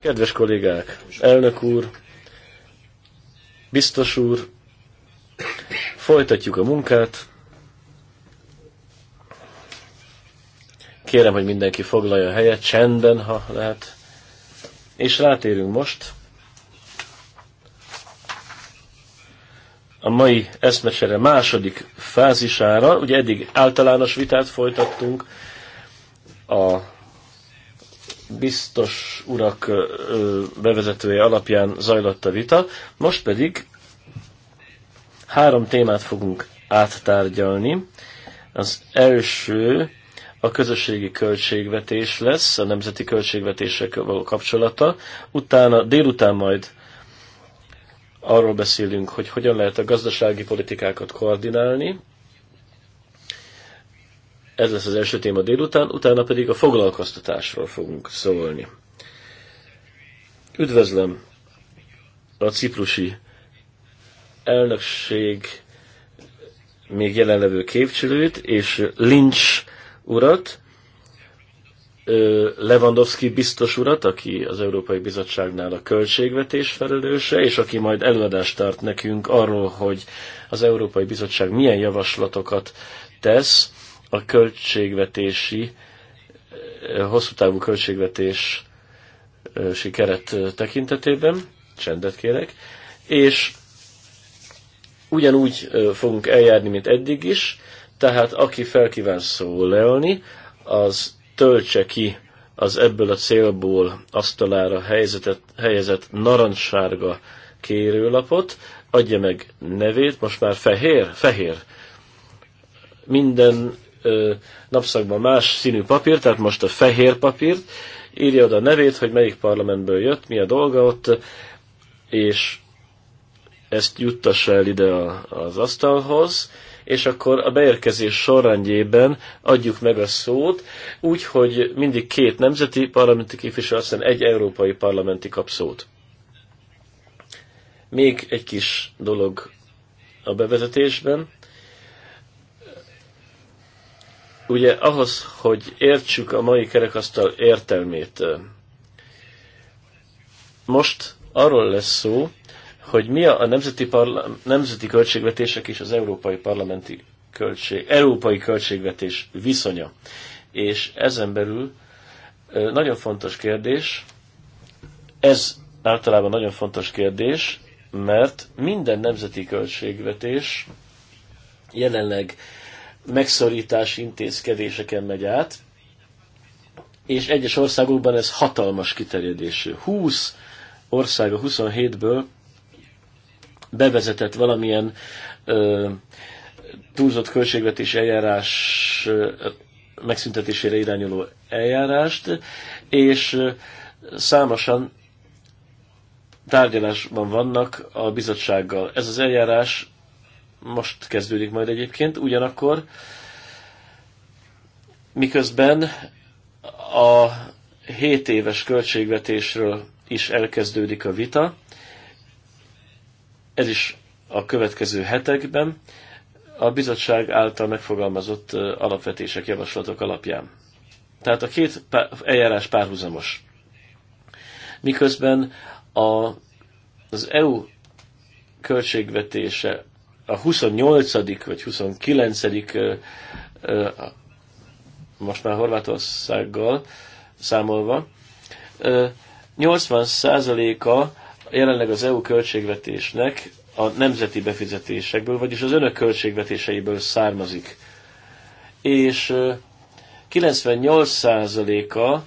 Kedves kollégák, elnök úr, biztos úr, folytatjuk a munkát. Kérem, hogy mindenki foglalja a helyet, csendben, ha lehet. És rátérünk most a mai eszmecsere második fázisára. Ugye eddig általános vitát folytattunk a biztos urak bevezetője alapján zajlott a vita, most pedig három témát fogunk áttárgyalni. Az első a közösségi költségvetés lesz, a nemzeti költségvetésekkel való kapcsolata. Utána délután majd arról beszélünk, hogy hogyan lehet a gazdasági politikákat koordinálni, ez lesz az első téma délután, utána pedig a foglalkoztatásról fogunk szólni. Üdvözlöm a ciprusi elnökség még jelenlevő képcsülőt és Lynch urat, Lewandowski biztos urat, aki az Európai Bizottságnál a költségvetés felelőse, és aki majd előadást tart nekünk arról, hogy az Európai Bizottság milyen javaslatokat tesz a költségvetési, hosszú távú költségvetési keret tekintetében, csendet kérek, és ugyanúgy fogunk eljárni, mint eddig is, tehát aki felkíván szólalni, az töltse ki az ebből a célból asztalára helyzetet, helyezett narancssárga kérőlapot, adja meg nevét, most már fehér, fehér. Minden napszakban más színű papírt, tehát most a fehér papírt, írja oda a nevét, hogy melyik parlamentből jött, mi a dolga ott, és ezt juttassa el ide a, az asztalhoz, és akkor a beérkezés sorrendjében adjuk meg a szót, úgy, hogy mindig két nemzeti parlamenti képviselő, aztán egy európai parlamenti kap szót. Még egy kis dolog a bevezetésben ugye ahhoz, hogy értsük a mai kerekasztal értelmét, most arról lesz szó, hogy mi a nemzeti, parla- nemzeti költségvetések és az európai parlamenti költség, európai költségvetés viszonya. És ezen belül nagyon fontos kérdés, ez általában nagyon fontos kérdés, mert minden nemzeti költségvetés jelenleg megszorítási intézkedéseken megy át, és egyes országokban ez hatalmas kiterjedésű. 20 ország a 27-ből bevezetett valamilyen ö, túlzott költségvetés eljárás ö, megszüntetésére irányuló eljárást, és ö, számosan tárgyalásban vannak a bizottsággal. Ez az eljárás most kezdődik majd egyébként, ugyanakkor miközben a 7 éves költségvetésről is elkezdődik a vita, ez is a következő hetekben, a bizottság által megfogalmazott alapvetések, javaslatok alapján. Tehát a két eljárás párhuzamos. Miközben a, az EU költségvetése a 28. vagy 29. most már Horvátországgal számolva, 80%-a jelenleg az EU költségvetésnek a nemzeti befizetésekből, vagyis az önök költségvetéseiből származik. És 98%-a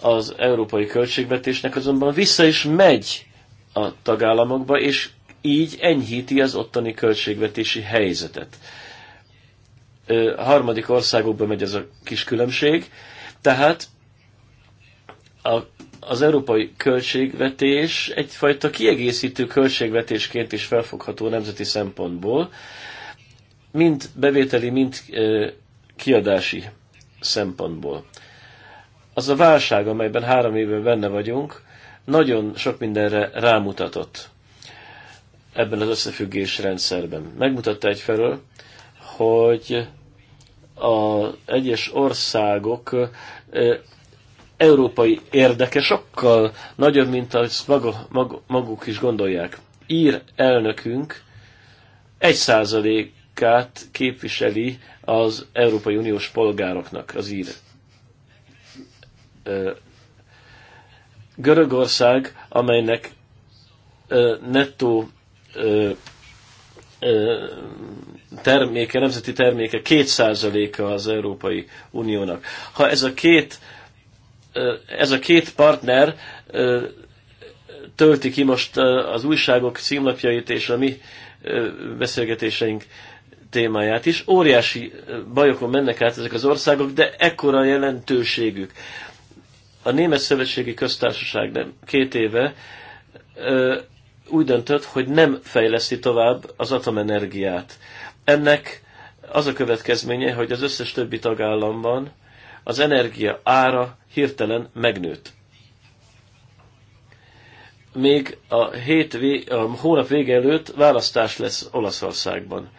az európai költségvetésnek azonban vissza is megy a tagállamokba, és így enyhíti az ottani költségvetési helyzetet. Ö, harmadik országokba megy ez a kis különbség, tehát a, az európai költségvetés egyfajta kiegészítő költségvetésként is felfogható nemzeti szempontból, mind bevételi, mind ö, kiadási szempontból. Az a válság, amelyben három évben benne vagyunk, nagyon sok mindenre rámutatott ebben az összefüggés rendszerben. Megmutatta egyfelől, hogy az egyes országok európai érdeke sokkal nagyobb, mint azt maga, mag, maguk is gondolják. Ír elnökünk egy százalékát képviseli az Európai Uniós polgároknak, az ír. Görögország, amelynek nettó ö, ö, terméke, nemzeti terméke 2%-a az Európai Uniónak. Ha ez a két, ö, ez a két partner ö, tölti ki most az újságok címlapjait és a mi beszélgetéseink témáját is. Óriási bajokon mennek át ezek az országok, de ekkora jelentőségük. A Német Szövetségi Köztársaság nem, két éve úgy döntött, hogy nem fejleszti tovább az atomenergiát. Ennek az a következménye, hogy az összes többi tagállamban az energia ára hirtelen megnőtt. Még a, hét vé- a hónap vége előtt választás lesz Olaszországban.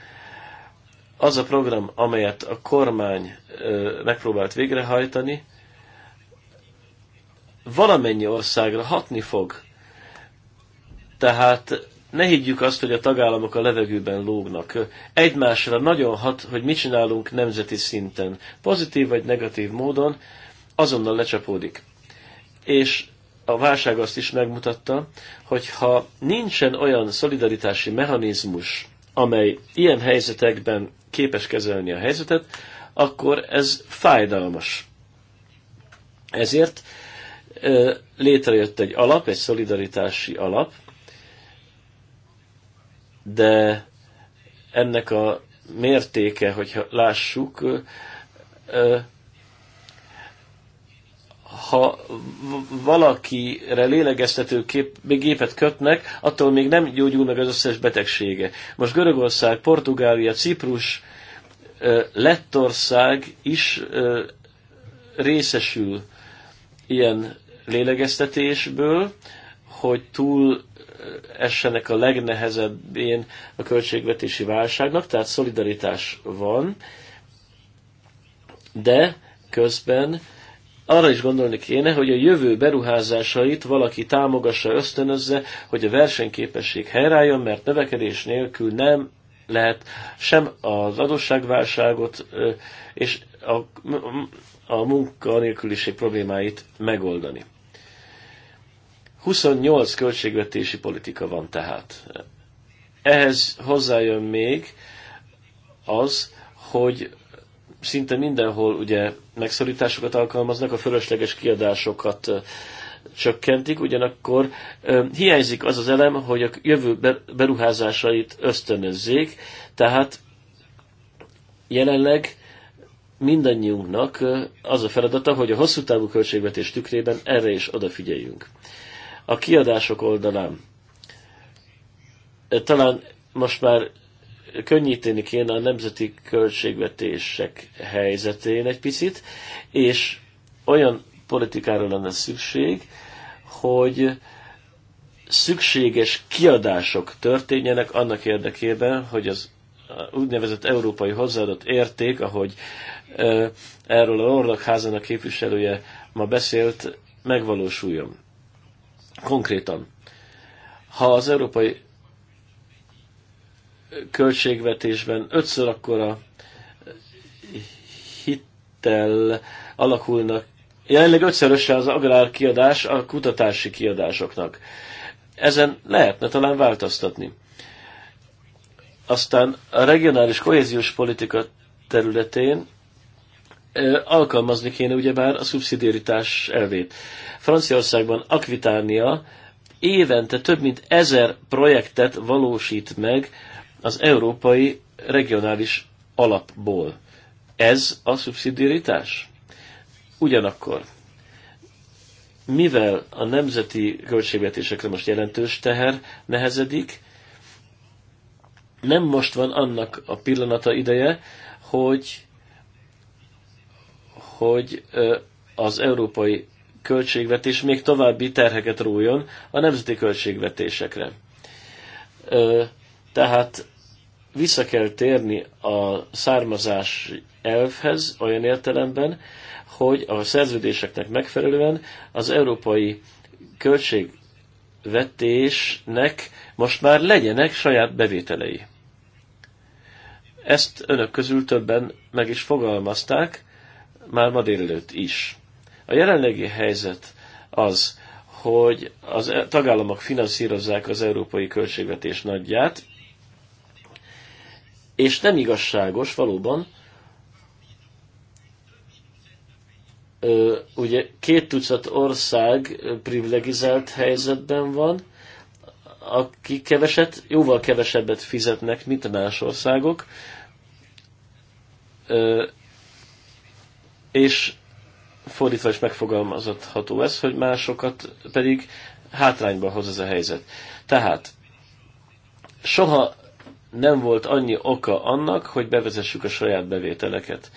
Az a program, amelyet a kormány ö, megpróbált végrehajtani, valamennyi országra hatni fog tehát ne higgyük azt, hogy a tagállamok a levegőben lógnak. Egymásra nagyon hat, hogy mit csinálunk nemzeti szinten. Pozitív vagy negatív módon azonnal lecsapódik. És a válság azt is megmutatta, hogy ha nincsen olyan szolidaritási mechanizmus, amely ilyen helyzetekben képes kezelni a helyzetet, akkor ez fájdalmas. Ezért létrejött egy alap, egy szolidaritási alap, de ennek a mértéke, hogyha lássuk, ha valakire lélegeztető kép, gépet kötnek, attól még nem gyógyul meg az összes betegsége. Most Görögország, Portugália, Ciprus, Lettország is részesül ilyen lélegeztetésből, hogy túl essenek a legnehezebbén a költségvetési válságnak, tehát szolidaritás van, de közben arra is gondolni kéne, hogy a jövő beruházásait valaki támogassa, ösztönözze, hogy a versenyképesség helyreálljon, mert növekedés nélkül nem lehet sem az adósságválságot és a, a munkanélküliség problémáit megoldani. 28 költségvetési politika van tehát. Ehhez hozzájön még az, hogy szinte mindenhol ugye megszorításokat alkalmaznak, a fölösleges kiadásokat csökkentik, ugyanakkor hiányzik az az elem, hogy a jövő beruházásait ösztönözzék, tehát jelenleg mindannyiunknak az a feladata, hogy a hosszú távú költségvetés tükrében erre is odafigyeljünk. A kiadások oldalán e, talán most már könnyíteni kéne a nemzeti költségvetések helyzetén egy picit, és olyan politikára lenne szükség, hogy szükséges kiadások történjenek annak érdekében, hogy az úgynevezett európai hozzáadott érték, ahogy e, erről a Lordok házának képviselője ma beszélt, megvalósuljon. Konkrétan, ha az európai költségvetésben ötször akkora hittel alakulnak, jelenleg ötszöröse az agrárkiadás a kutatási kiadásoknak. Ezen lehetne talán változtatni. Aztán a regionális kohéziós politika területén alkalmazni kéne ugyebár a szubszidiaritás elvét. Franciaországban Akvitánia évente több mint ezer projektet valósít meg az európai regionális alapból. Ez a szubszidiaritás? Ugyanakkor, mivel a nemzeti költségvetésekre most jelentős teher nehezedik, nem most van annak a pillanata ideje, hogy hogy az európai költségvetés még további terheket rójon a nemzeti költségvetésekre. Tehát vissza kell térni a származás elvhez olyan értelemben, hogy a szerződéseknek megfelelően az európai költségvetésnek most már legyenek saját bevételei. Ezt önök közül többen meg is fogalmazták, már ma délelőtt is. A jelenlegi helyzet az, hogy az e- tagállamok finanszírozzák az európai költségvetés nagyját, és nem igazságos valóban, ö, ugye két tucat ország privilegizált helyzetben van, akik keveset, jóval kevesebbet fizetnek, mint más országok, ö, és fordítva is megfogalmazható ez, hogy másokat pedig hátrányba hoz ez a helyzet. Tehát soha nem volt annyi oka annak, hogy bevezessük a saját bevételeket.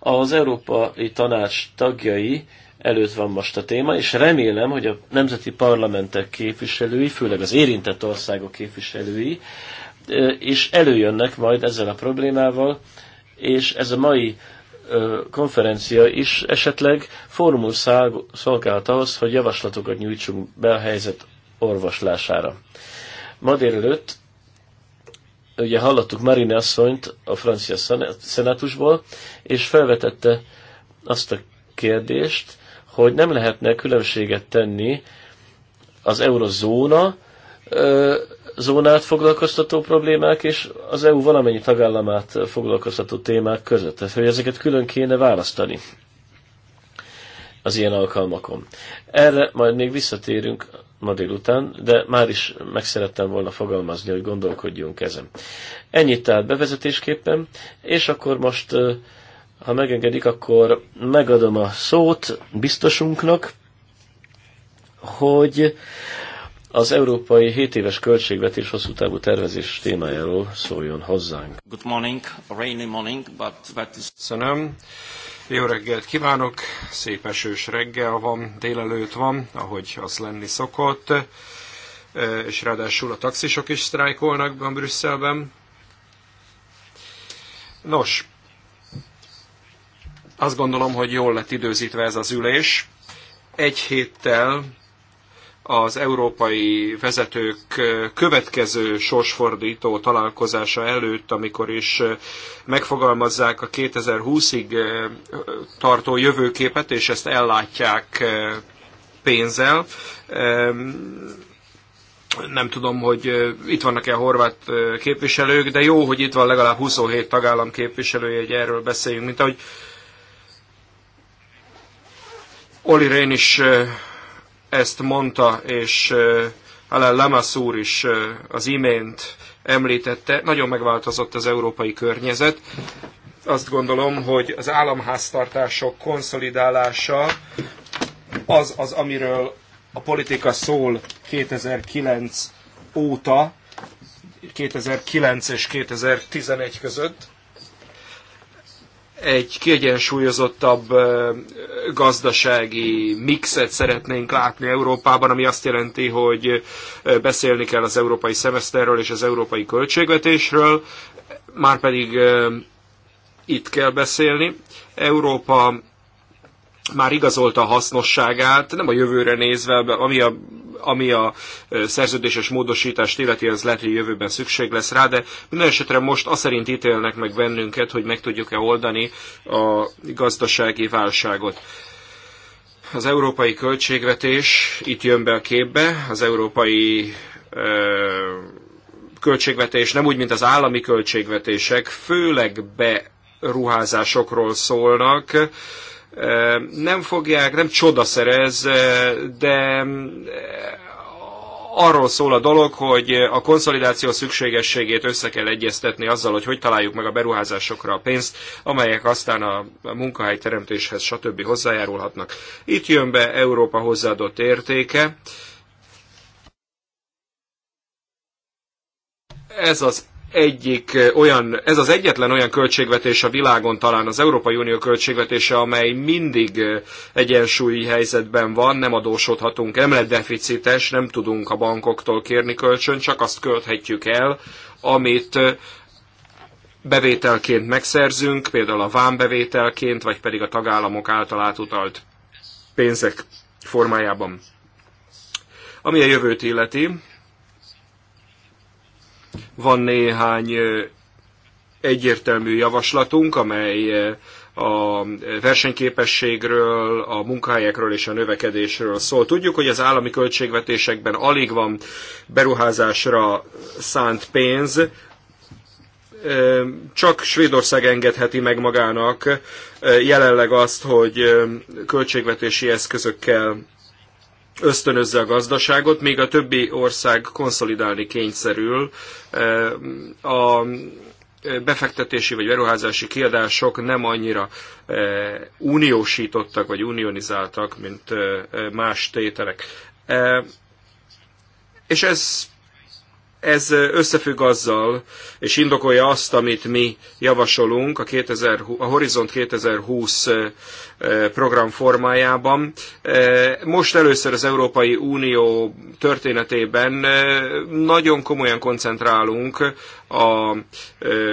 Az Európai Tanács tagjai előtt van most a téma, és remélem, hogy a nemzeti parlamentek képviselői, főleg az érintett országok képviselői, és előjönnek majd ezzel a problémával, és ez a mai konferencia is esetleg fórumul szolgálhat ahhoz, hogy javaslatokat nyújtsunk be a helyzet orvoslására. Ma délelőtt ugye hallottuk Marine asszonyt a francia szenátusból, és felvetette azt a kérdést, hogy nem lehetne különbséget tenni az eurozóna zónát foglalkoztató problémák és az EU valamennyi tagállamát foglalkoztató témák között. Tehát, hogy ezeket külön kéne választani az ilyen alkalmakon. Erre majd még visszatérünk ma délután, de már is meg szerettem volna fogalmazni, hogy gondolkodjunk ezen. Ennyit tehát bevezetésképpen, és akkor most, ha megengedik, akkor megadom a szót biztosunknak, hogy az európai 7 éves költségvetés hosszú távú tervezés témájáról szóljon hozzánk. Good morning, rainy morning, but that is... Köszönöm. Jó reggelt kívánok, szép esős reggel van, délelőtt van, ahogy az lenni szokott, és ráadásul a taxisok is sztrájkolnak a Brüsszelben. Nos, azt gondolom, hogy jól lett időzítve ez az ülés. Egy héttel az európai vezetők következő sorsfordító találkozása előtt, amikor is megfogalmazzák a 2020-ig tartó jövőképet, és ezt ellátják pénzzel. Nem tudom, hogy itt vannak-e a horvát képviselők, de jó, hogy itt van legalább 27 tagállam képviselője, hogy erről beszéljünk, mint ahogy Oli Rén is ezt mondta, és Alain Lamas úr is az imént említette, nagyon megváltozott az európai környezet. Azt gondolom, hogy az államháztartások konszolidálása az az, amiről a politika szól 2009 óta, 2009 és 2011 között, egy kiegyensúlyozottabb gazdasági mixet szeretnénk látni Európában, ami azt jelenti, hogy beszélni kell az európai szemeszterről és az európai költségvetésről, már pedig itt kell beszélni. Európa már igazolta a hasznosságát, nem a jövőre nézve, ami a ami a szerződéses módosítást illeti, az lehet, hogy jövőben szükség lesz rá, de minden esetre most aszerint ítélnek meg bennünket, hogy meg tudjuk-e oldani a gazdasági válságot. Az európai költségvetés itt jön be a képbe, az európai ö, költségvetés nem úgy, mint az állami költségvetések, főleg beruházásokról szólnak, nem fogják, nem csodaszerez, de arról szól a dolog, hogy a konszolidáció szükségességét össze kell egyeztetni azzal, hogy hogy találjuk meg a beruházásokra a pénzt, amelyek aztán a munkahelyteremtéshez stb. hozzájárulhatnak. Itt jön be Európa hozzáadott értéke. Ez az egyik olyan, ez az egyetlen olyan költségvetés a világon, talán az Európai Unió költségvetése, amely mindig egyensúlyi helyzetben van, nem adósodhatunk, nem lehet deficites, nem tudunk a bankoktól kérni kölcsön, csak azt költhetjük el, amit bevételként megszerzünk, például a vámbevételként, vagy pedig a tagállamok által átutalt pénzek formájában. Ami a jövőt illeti, van néhány egyértelmű javaslatunk, amely a versenyképességről, a munkahelyekről és a növekedésről szól. Tudjuk, hogy az állami költségvetésekben alig van beruházásra szánt pénz, csak Svédország engedheti meg magának jelenleg azt, hogy költségvetési eszközökkel ösztönözze a gazdaságot, még a többi ország konszolidálni kényszerül. E, a befektetési vagy beruházási kiadások nem annyira e, uniósítottak vagy unionizáltak, mint e, más tételek. És ez ez összefügg azzal, és indokolja azt, amit mi javasolunk a, 2000, a Horizont 2020 eh, program formájában. Eh, most először az Európai Unió történetében eh, nagyon komolyan koncentrálunk a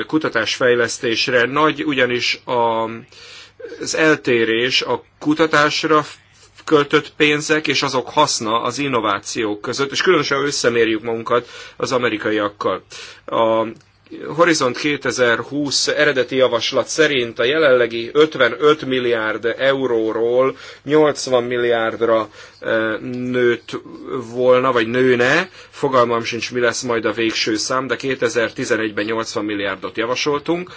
kutatásfejlesztésre. Nagy ugyanis a, az eltérés a kutatásra, költött pénzek és azok haszna az innovációk között, és különösen összemérjük magunkat az amerikaiakkal. A Horizont 2020 eredeti javaslat szerint a jelenlegi 55 milliárd euróról 80 milliárdra e, nőtt volna, vagy nőne, fogalmam sincs, mi lesz majd a végső szám, de 2011-ben 80 milliárdot javasoltunk,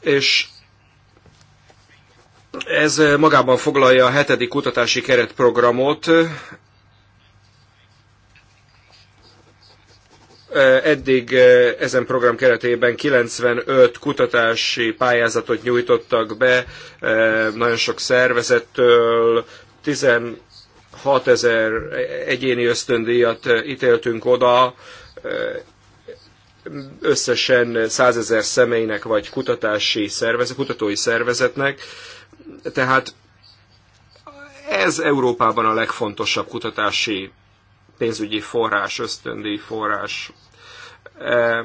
és ez eh, magában foglalja a hetedik kutatási keretprogramot. Eh, eddig eh, ezen program keretében 95 kutatási pályázatot nyújtottak be, nagyon sok szervezettől, 16 ezer egyéni ösztöndíjat ítéltünk oda, összesen 100 ezer személynek vagy kutatási szervezet, kutatói szervezetnek, tehát ez Európában a legfontosabb kutatási pénzügyi forrás, ösztöndi forrás. E,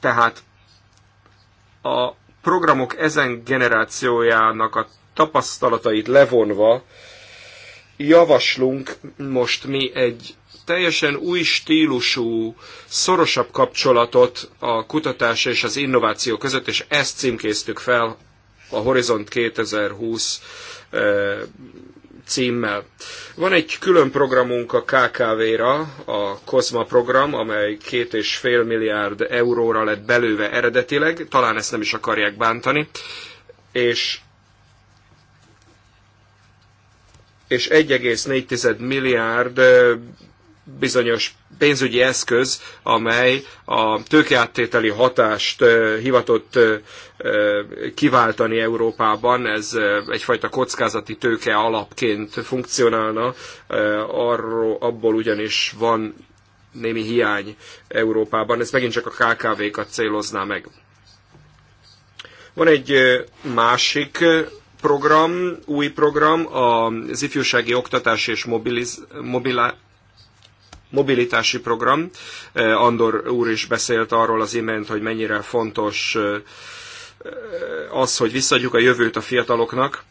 tehát a programok ezen generációjának a tapasztalatait levonva javaslunk most mi egy teljesen új stílusú, szorosabb kapcsolatot a kutatás és az innováció között, és ezt címkéztük fel a Horizont 2020 eh, címmel. Van egy külön programunk a KKV-ra, a Kozma program, amely két és fél milliárd euróra lett belőve eredetileg, talán ezt nem is akarják bántani, és és 1,4 milliárd eh, bizonyos pénzügyi eszköz, amely a tőkeáttételi hatást hivatott kiváltani Európában, ez egyfajta kockázati tőke alapként funkcionálna, arról, abból ugyanis van némi hiány Európában, ez megint csak a KKV-kat célozná meg. Van egy másik program, új program, az ifjúsági oktatás és mobiliz, mobilá mobilitási program. Eh, Andor úr is beszélt arról az imént, hogy mennyire fontos eh, eh, az, hogy visszadjuk a jövőt a fiataloknak.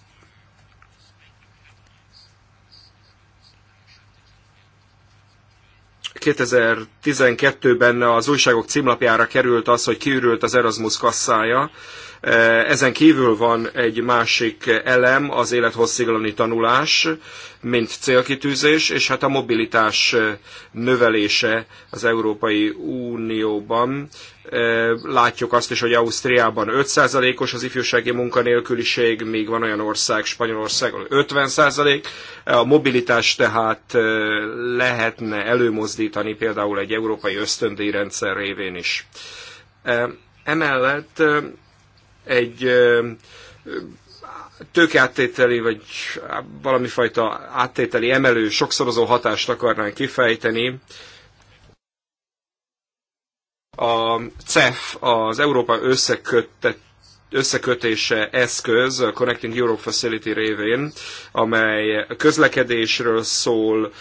...2012-ben az újságok címlapjára került az, hogy kiürült az Erasmus kasszája, Eh, ezen kívül van egy másik elem, az élethosszígalani tanulás, mint célkitűzés, és hát a mobilitás eh, növelése az Európai Unióban. Eh, látjuk azt is, hogy Ausztriában 5%-os az ifjúsági munkanélküliség, még van olyan ország, Spanyolország, 50%. A mobilitás tehát lehetne előmozdítani például egy európai ösztöndíjrendszer révén is. Emellett egy áttételi, vagy valami fajta áttételi emelő, sokszorozó hatást akarnánk kifejteni, a CEF, az Európa összeköttet összekötése eszköz, a Connecting Europe Facility révén, amely közlekedésről szól,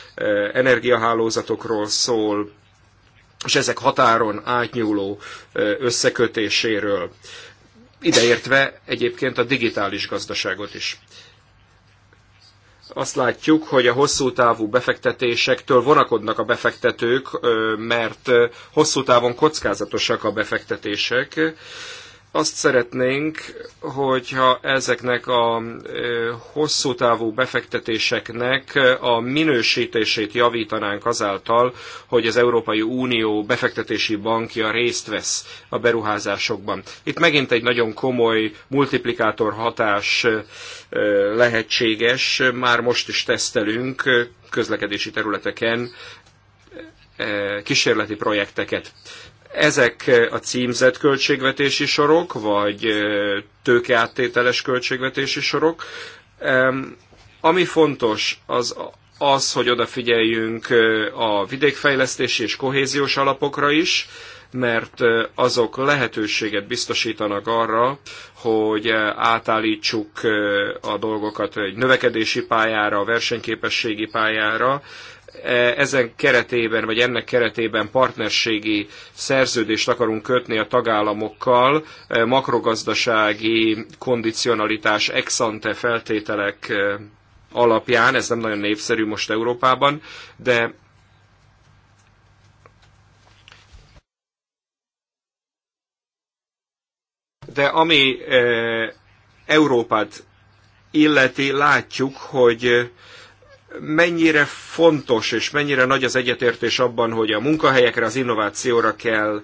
energiahálózatokról szól, és ezek határon átnyúló összekötéséről ideértve egyébként a digitális gazdaságot is. Azt látjuk, hogy a hosszú távú befektetésektől vonakodnak a befektetők, mert hosszú távon kockázatosak a befektetések, azt szeretnénk, hogyha ezeknek a hosszú távú befektetéseknek a minősítését javítanánk azáltal, hogy az Európai Unió befektetési bankja részt vesz a beruházásokban. Itt megint egy nagyon komoly multiplikátor hatás lehetséges, már most is tesztelünk közlekedési területeken kísérleti projekteket. Ezek eh, a címzett költségvetési sorok, vagy eh, tőkeáttételes költségvetési sorok. Ami fontos, az az, hogy odafigyeljünk eh, a vidékfejlesztési és kohéziós alapokra is, mert azok lehetőséget biztosítanak arra, hogy átállítsuk a dolgokat egy növekedési pályára, a versenyképességi pályára, E, ezen keretében, vagy ennek keretében partnerségi szerződést akarunk kötni a tagállamokkal, e, makrogazdasági kondicionalitás ex-ante feltételek e, alapján, ez nem nagyon népszerű most Európában, de de ami Európát illeti, látjuk, hogy mennyire fontos és mennyire nagy az egyetértés abban, hogy a munkahelyekre, az innovációra kell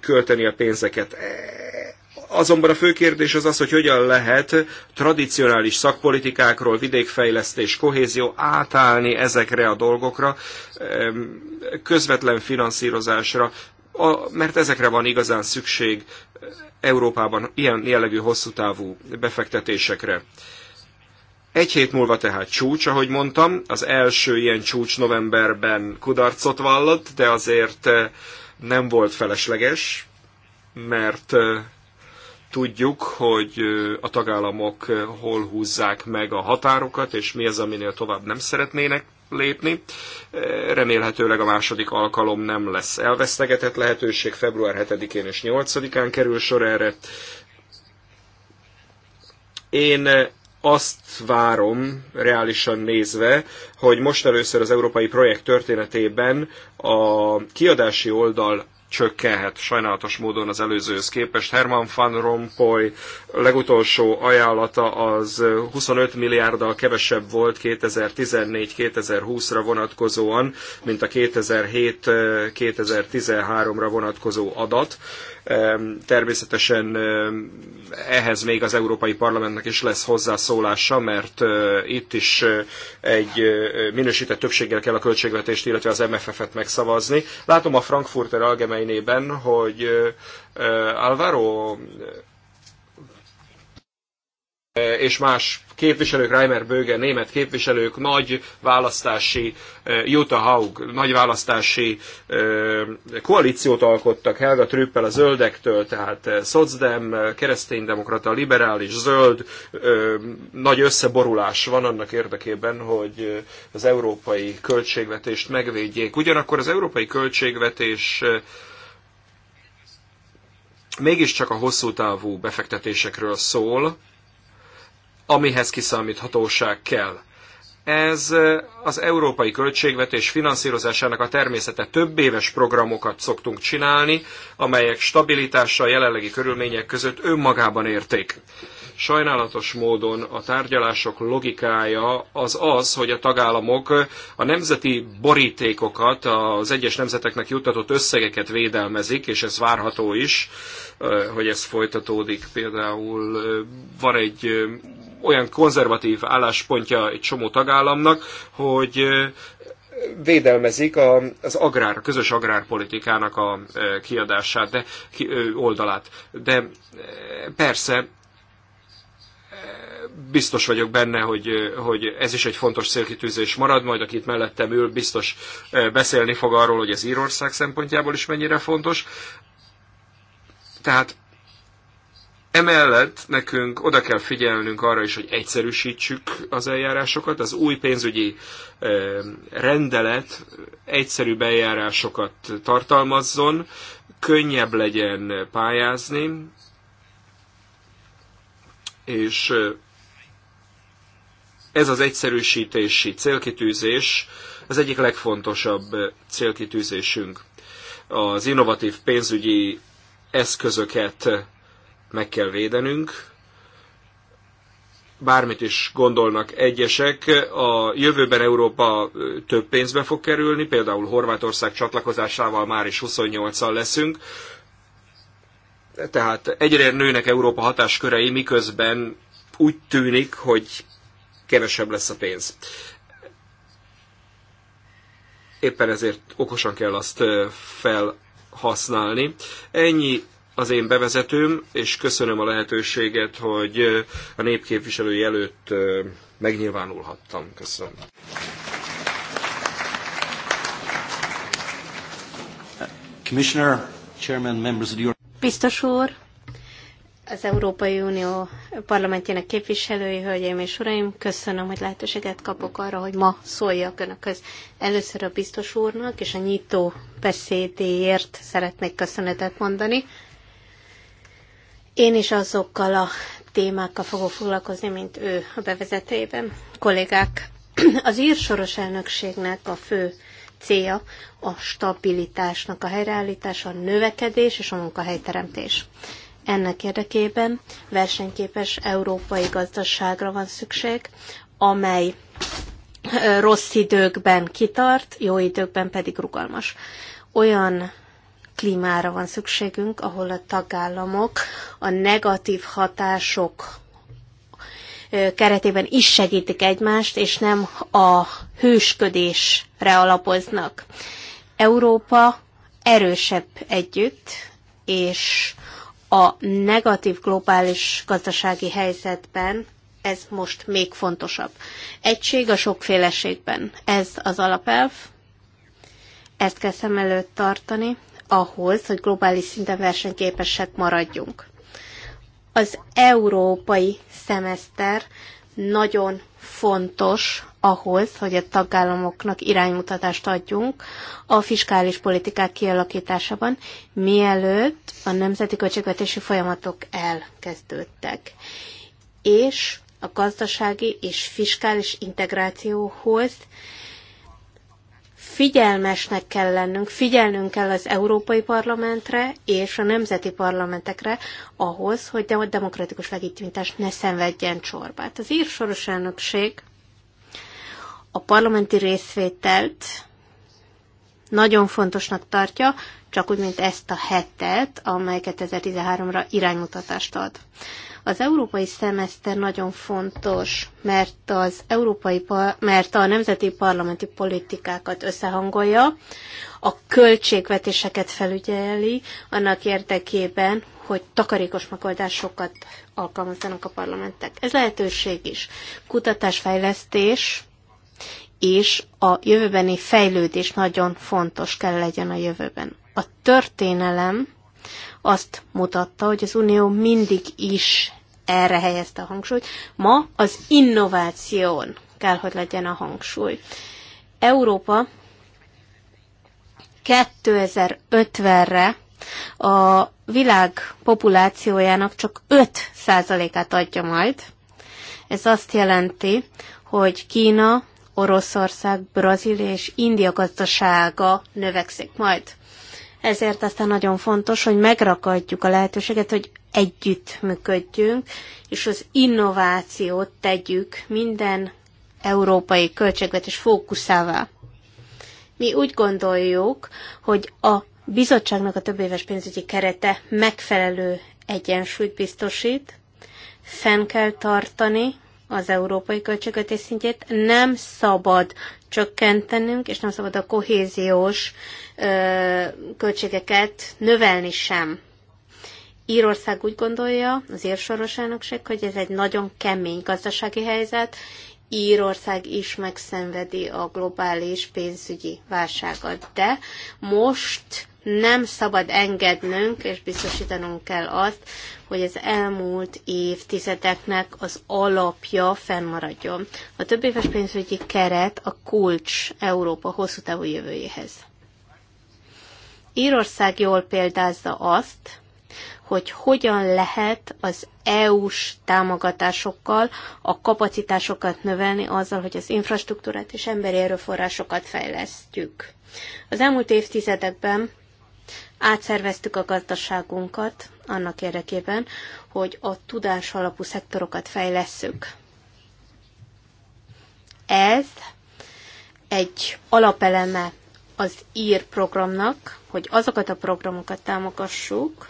költeni a pénzeket. E, azonban a fő kérdés az az, hogy hogyan lehet tradicionális szakpolitikákról, vidékfejlesztés, kohézió átállni ezekre a dolgokra, közvetlen finanszírozásra, mert ezekre van igazán szükség Európában ilyen jellegű hosszú távú befektetésekre. Egy hét múlva tehát csúcs, ahogy mondtam. Az első ilyen csúcs novemberben kudarcot vallott, de azért eh, nem volt felesleges, mert eh, tudjuk, hogy eh, a tagállamok hol húzzák meg a határokat, és mi az, aminél tovább nem szeretnének lépni. Remélhetőleg a második alkalom nem lesz elvesztegetett lehetőség. Február 7-én és 8-án kerül sor erre. Én azt várom, reálisan nézve, hogy most először az európai projekt történetében a kiadási oldal csökkenhet sajnálatos módon az előzőhöz képest. Herman van Rompuy legutolsó ajánlata az 25 milliárddal kevesebb volt 2014-2020-ra vonatkozóan, mint a 2007-2013-ra vonatkozó adat. Természetesen ehhez még az Európai Parlamentnek is lesz hozzászólása, mert itt is egy minősített többséggel kell a költségvetést, illetve az MFF-et megszavazni. Látom a Frankfurter Allgemeinében, hogy Alvaro E, és más képviselők, Reimer Böge, német képviselők nagy választási, e, Jutta Haug nagy választási e, koalíciót alkottak Helga Trüppel a zöldektől, tehát szocdem, kereszténydemokrata, liberális, zöld, nagy összeborulás van annak érdekében, hogy az európai költségvetést megvédjék. Ugyanakkor az európai költségvetés mégiscsak a hosszú távú befektetésekről szól, amihez kiszámíthatóság kell. Ez az európai költségvetés finanszírozásának a természete több éves programokat szoktunk csinálni, amelyek stabilitása a jelenlegi körülmények között önmagában érték. Sajnálatos módon a tárgyalások logikája az az, hogy a tagállamok a nemzeti borítékokat, az egyes nemzeteknek juttatott összegeket védelmezik, és ez várható is, hogy ez folytatódik. Például van egy olyan konzervatív álláspontja egy csomó tagállamnak, hogy védelmezik a, az agrár, a közös agrárpolitikának a kiadását, de ki, oldalát. De persze biztos vagyok benne, hogy, hogy ez is egy fontos célkitűzés marad, majd akit mellettem ül, biztos beszélni fog arról, hogy ez Írország szempontjából is mennyire fontos. Tehát Emellett nekünk oda kell figyelnünk arra is, hogy egyszerűsítsük az eljárásokat. Az új pénzügyi rendelet egyszerűbb eljárásokat tartalmazzon, könnyebb legyen pályázni, és ez az egyszerűsítési célkitűzés az egyik legfontosabb célkitűzésünk. Az innovatív pénzügyi eszközöket meg kell védenünk. Bármit is gondolnak egyesek, a jövőben Európa több pénzbe fog kerülni, például Horvátország csatlakozásával már is 28-al leszünk, tehát egyre nőnek Európa hatáskörei, miközben úgy tűnik, hogy kevesebb lesz a pénz. Éppen ezért okosan kell azt felhasználni. Ennyi az én bevezetőm, és köszönöm a lehetőséget, hogy a népképviselői előtt megnyilvánulhattam. Köszönöm. Commissioner, Chairman, members of the Biztos úr, az Európai Unió parlamentjének képviselői, hölgyeim és uraim, köszönöm, hogy lehetőséget kapok arra, hogy ma szóljak Önökhöz. Először a biztos úrnak és a nyitó beszédéért szeretnék köszönetet mondani. Én is azokkal a témákkal fogok foglalkozni, mint ő a bevezetőjében. Kollégák, az írsoros elnökségnek a fő célja a stabilitásnak a helyreállítása, a növekedés és a munkahelyteremtés. Ennek érdekében versenyképes európai gazdaságra van szükség, amely rossz időkben kitart, jó időkben pedig rugalmas. Olyan klímára van szükségünk, ahol a tagállamok a negatív hatások keretében is segítik egymást, és nem a hősködésre alapoznak. Európa erősebb együtt, és a negatív globális gazdasági helyzetben ez most még fontosabb. Egység a sokféleségben. Ez az alapelv. Ezt kell szem előtt tartani ahhoz, hogy globális szinten versenyképesek maradjunk. Az európai szemeszter nagyon fontos ahhoz, hogy a tagállamoknak iránymutatást adjunk a fiskális politikák kialakításában, mielőtt a nemzeti költségvetési folyamatok elkezdődtek. És a gazdasági és fiskális integrációhoz figyelmesnek kell lennünk, figyelnünk kell az Európai Parlamentre és a nemzeti parlamentekre ahhoz, hogy a demokratikus legitimitás ne szenvedjen csorbát. Az ír soros elnökség a parlamenti részvételt nagyon fontosnak tartja, csak úgy, mint ezt a hetet, amely 2013-ra iránymutatást ad. Az európai szemeszter nagyon fontos, mert, az európai, mert a nemzeti parlamenti politikákat összehangolja, a költségvetéseket felügyeli, annak érdekében, hogy takarékos megoldásokat alkalmazzanak a parlamentek. Ez lehetőség is. Kutatásfejlesztés és a jövőbeni fejlődés nagyon fontos kell legyen a jövőben. A történelem azt mutatta, hogy az Unió mindig is erre helyezte a hangsúlyt. Ma az innováción kell, hogy legyen a hangsúly. Európa 2050-re a világ populációjának csak 5%-át adja majd. Ez azt jelenti, hogy Kína, Oroszország, Brazília és India gazdasága növekszik majd. Ezért aztán nagyon fontos, hogy megrakadjuk a lehetőséget, hogy együtt működjünk, és az innovációt tegyük minden európai költségvetés fókuszává. Mi úgy gondoljuk, hogy a bizottságnak a több éves pénzügyi kerete megfelelő egyensúlyt biztosít, fenn kell tartani az európai költségvetés szintjét, nem szabad csökkentenünk, és nem szabad a kohéziós ö, költségeket növelni sem. Írország úgy gondolja, az írsoros elnökség, hogy ez egy nagyon kemény gazdasági helyzet, Írország is megszenvedi a globális pénzügyi válságot, de most nem szabad engednünk, és biztosítanunk kell azt, hogy az elmúlt évtizedeknek az alapja fennmaradjon. A több éves pénzügyi keret a kulcs Európa hosszú távú jövőjéhez. Írország jól példázza azt, hogy hogyan lehet az EU-s támogatásokkal a kapacitásokat növelni azzal, hogy az infrastruktúrát és emberi erőforrásokat fejlesztjük. Az elmúlt évtizedekben Átszerveztük a gazdaságunkat annak érdekében, hogy a tudás alapú szektorokat fejlesszük. Ez egy alapeleme az ír programnak, hogy azokat a programokat támogassuk,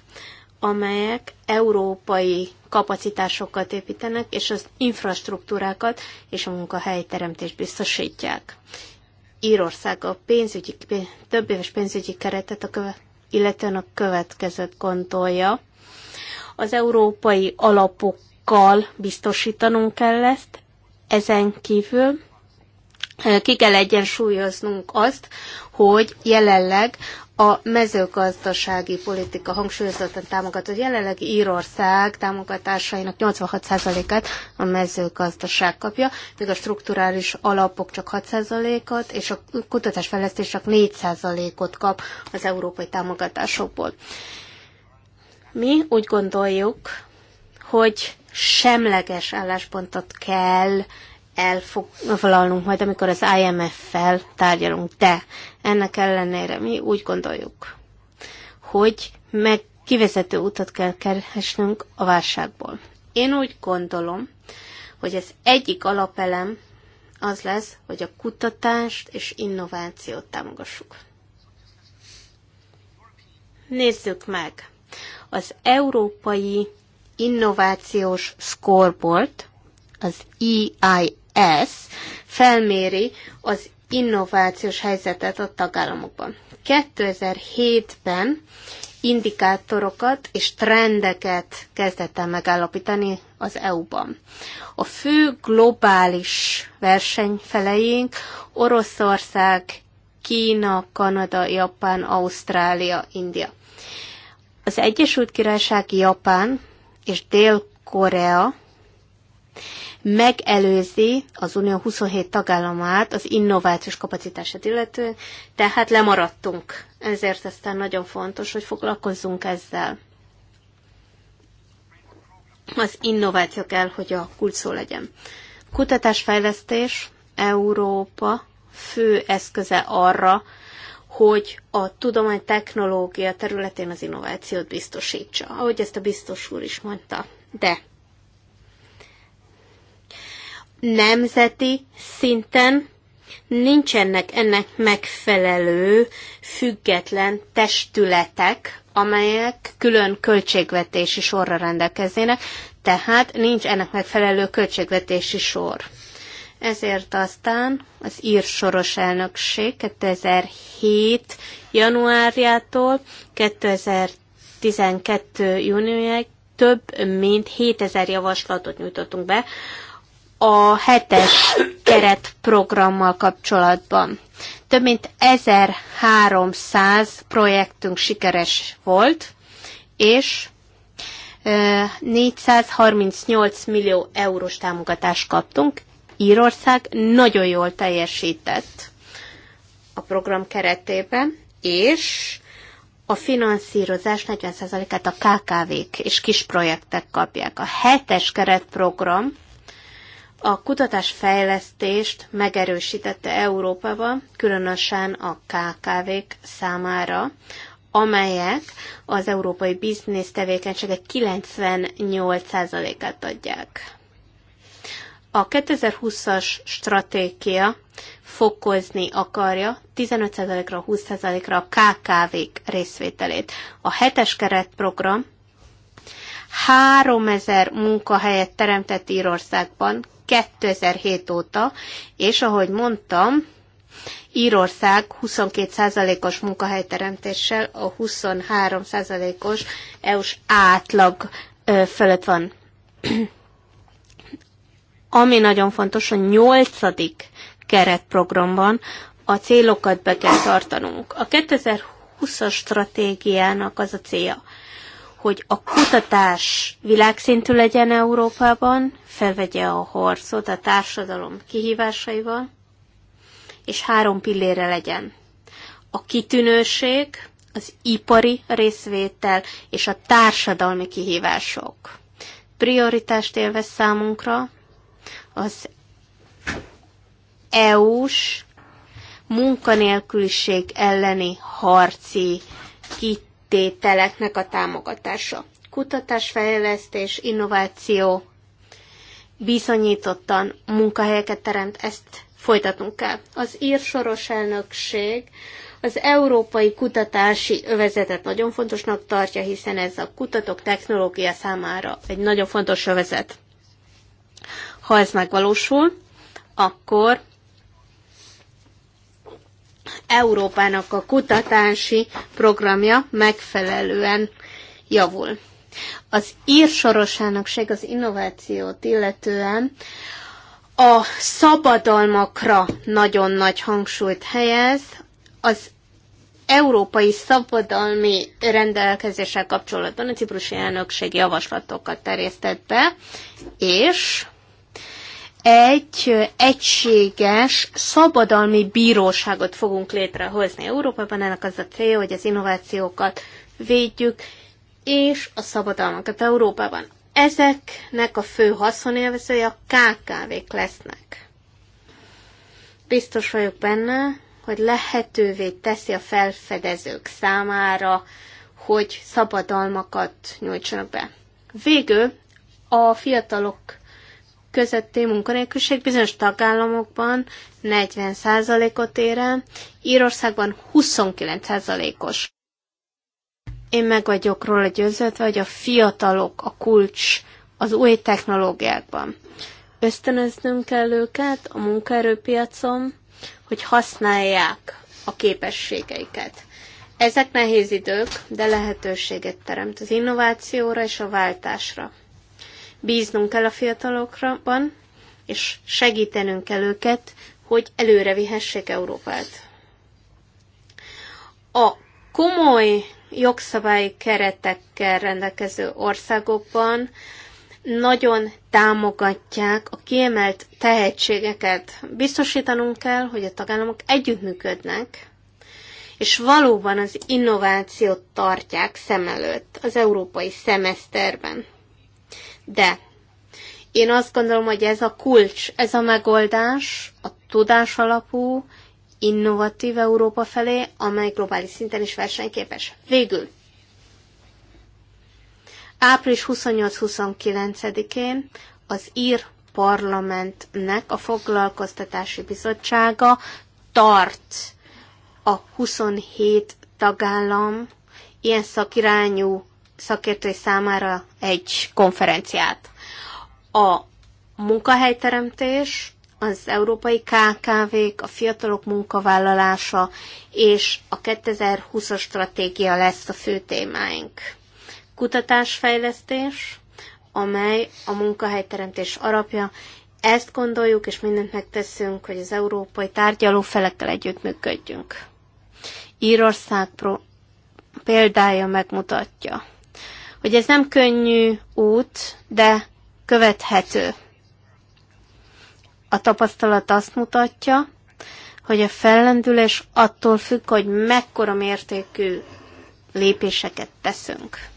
amelyek európai kapacitásokat építenek, és az infrastruktúrákat és a munkahelyteremtést biztosítják. Írország a pénzügyi, több éves pénzügyi keretet a követ illetően a következőt gondolja. Az európai alapokkal biztosítanunk kell ezt, ezen kívül ki kell egyensúlyoznunk azt, hogy jelenleg a mezőgazdasági politika hangsúlyozottan támogatott. jelenlegi Írország támogatásainak 86%-át a mezőgazdaság kapja, míg a strukturális alapok csak 6 at és a kutatásfejlesztés csak 4%-ot kap az európai támogatásokból. Mi úgy gondoljuk, hogy semleges álláspontot kell elfoglalnunk majd, amikor az IMF-fel tárgyalunk. De ennek ellenére mi úgy gondoljuk, hogy meg kivezető utat kell keresnünk a válságból. Én úgy gondolom, hogy az egyik alapelem az lesz, hogy a kutatást és innovációt támogassuk. Nézzük meg! Az európai innovációs scoreboard, az EIS ez felméri az innovációs helyzetet a tagállamokban. 2007-ben indikátorokat és trendeket kezdett el megállapítani az EU-ban. A fő globális versenyfeleink Oroszország, Kína, Kanada, Japán, Ausztrália, India. Az Egyesült Királyság, Japán és Dél-Korea megelőzi az Unió 27 tagállamát az innovációs kapacitását illetően, tehát lemaradtunk. Ezért aztán nagyon fontos, hogy foglalkozzunk ezzel. Az innováció kell, hogy a kulcsszó legyen. Kutatásfejlesztés Európa fő eszköze arra, hogy a tudomány technológia területén az innovációt biztosítsa, ahogy ezt a biztos úr is mondta. De nemzeti szinten nincsenek ennek megfelelő független testületek, amelyek külön költségvetési sorra rendelkeznének, tehát nincs ennek megfelelő költségvetési sor. Ezért aztán az ír soros elnökség 2007. januárjától 2012. júniusáig több mint 7000 javaslatot nyújtottunk be a hetes keretprogrammal kapcsolatban. Több mint 1300 projektünk sikeres volt, és 438 millió eurós támogatást kaptunk. Írország nagyon jól teljesített a program keretében, és a finanszírozás 40%-át a KKV-k és kis projektek kapják. A hetes keretprogram a kutatásfejlesztést megerősítette Európában, különösen a KKV-k számára, amelyek az európai biznisz tevékenységek 98%-át adják. A 2020-as stratégia fokozni akarja 15%-ra, 20%-ra a KKV-k részvételét. A hetes keretprogram 3000 munkahelyet teremtett Írországban 2007 óta, és ahogy mondtam, Írország 22%-os munkahelyteremtéssel a 23%-os EU-s átlag fölött van. Ami nagyon fontos, a nyolcadik keretprogramban a célokat be kell tartanunk. A 2020-as stratégiának az a célja, hogy a kutatás világszintű legyen Európában, felvegye a harcot a társadalom kihívásaival, és három pillére legyen. A kitűnőség, az ipari részvétel és a társadalmi kihívások. Prioritást élvez számunkra az EU-s munkanélküliség elleni harci kit tételeknek a támogatása. Kutatásfejlesztés, innováció bizonyítottan munkahelyeket teremt, ezt folytatunk kell. Az ír soros elnökség az európai kutatási övezetet nagyon fontosnak tartja, hiszen ez a kutatók technológia számára egy nagyon fontos övezet. Ha ez megvalósul, akkor Európának a kutatási programja megfelelően javul. Az ír sorosánokség az innovációt illetően a szabadalmakra nagyon nagy hangsúlyt helyez, az európai szabadalmi rendelkezéssel kapcsolatban a ciprusi elnökség javaslatokat terjesztett be, és egy egységes, szabadalmi bíróságot fogunk létrehozni Európában. Ennek az a célja, hogy az innovációkat védjük, és a szabadalmakat Európában. Ezeknek a fő haszonélvezője a KKV-k lesznek. Biztos vagyok benne, hogy lehetővé teszi a felfedezők számára, hogy szabadalmakat nyújtsanak be. Végül a fiatalok közötti munkanélküliség bizonyos tagállamokban 40%-ot ér el, Írországban 29%-os. Én meg vagyok róla győződve, hogy a fiatalok a kulcs az új technológiákban. Ösztönöznünk kell őket a munkaerőpiacon, hogy használják a képességeiket. Ezek nehéz idők, de lehetőséget teremt az innovációra és a váltásra. Bíznunk kell a fiatalokban, és segítenünk kell őket, hogy előre vihessék Európát. A komoly jogszabályi keretekkel rendelkező országokban nagyon támogatják a kiemelt tehetségeket. Biztosítanunk kell, hogy a tagállamok együttműködnek, és valóban az innovációt tartják szem előtt az európai szemeszterben. De én azt gondolom, hogy ez a kulcs, ez a megoldás a tudás alapú, innovatív Európa felé, amely globális szinten is versenyképes. Végül. Április 28-29-én az ír parlamentnek a foglalkoztatási bizottsága tart a 27 tagállam ilyen szakirányú szakértői számára egy konferenciát. A munkahelyteremtés, az európai KKV-k, a fiatalok munkavállalása és a 2020-as stratégia lesz a fő témáink. Kutatásfejlesztés, amely a munkahelyteremtés alapja. Ezt gondoljuk, és mindent megteszünk, hogy az európai felettel együttműködjünk. Írország pro példája megmutatja, hogy ez nem könnyű út, de követhető. A tapasztalat azt mutatja, hogy a fellendülés attól függ, hogy mekkora mértékű lépéseket teszünk.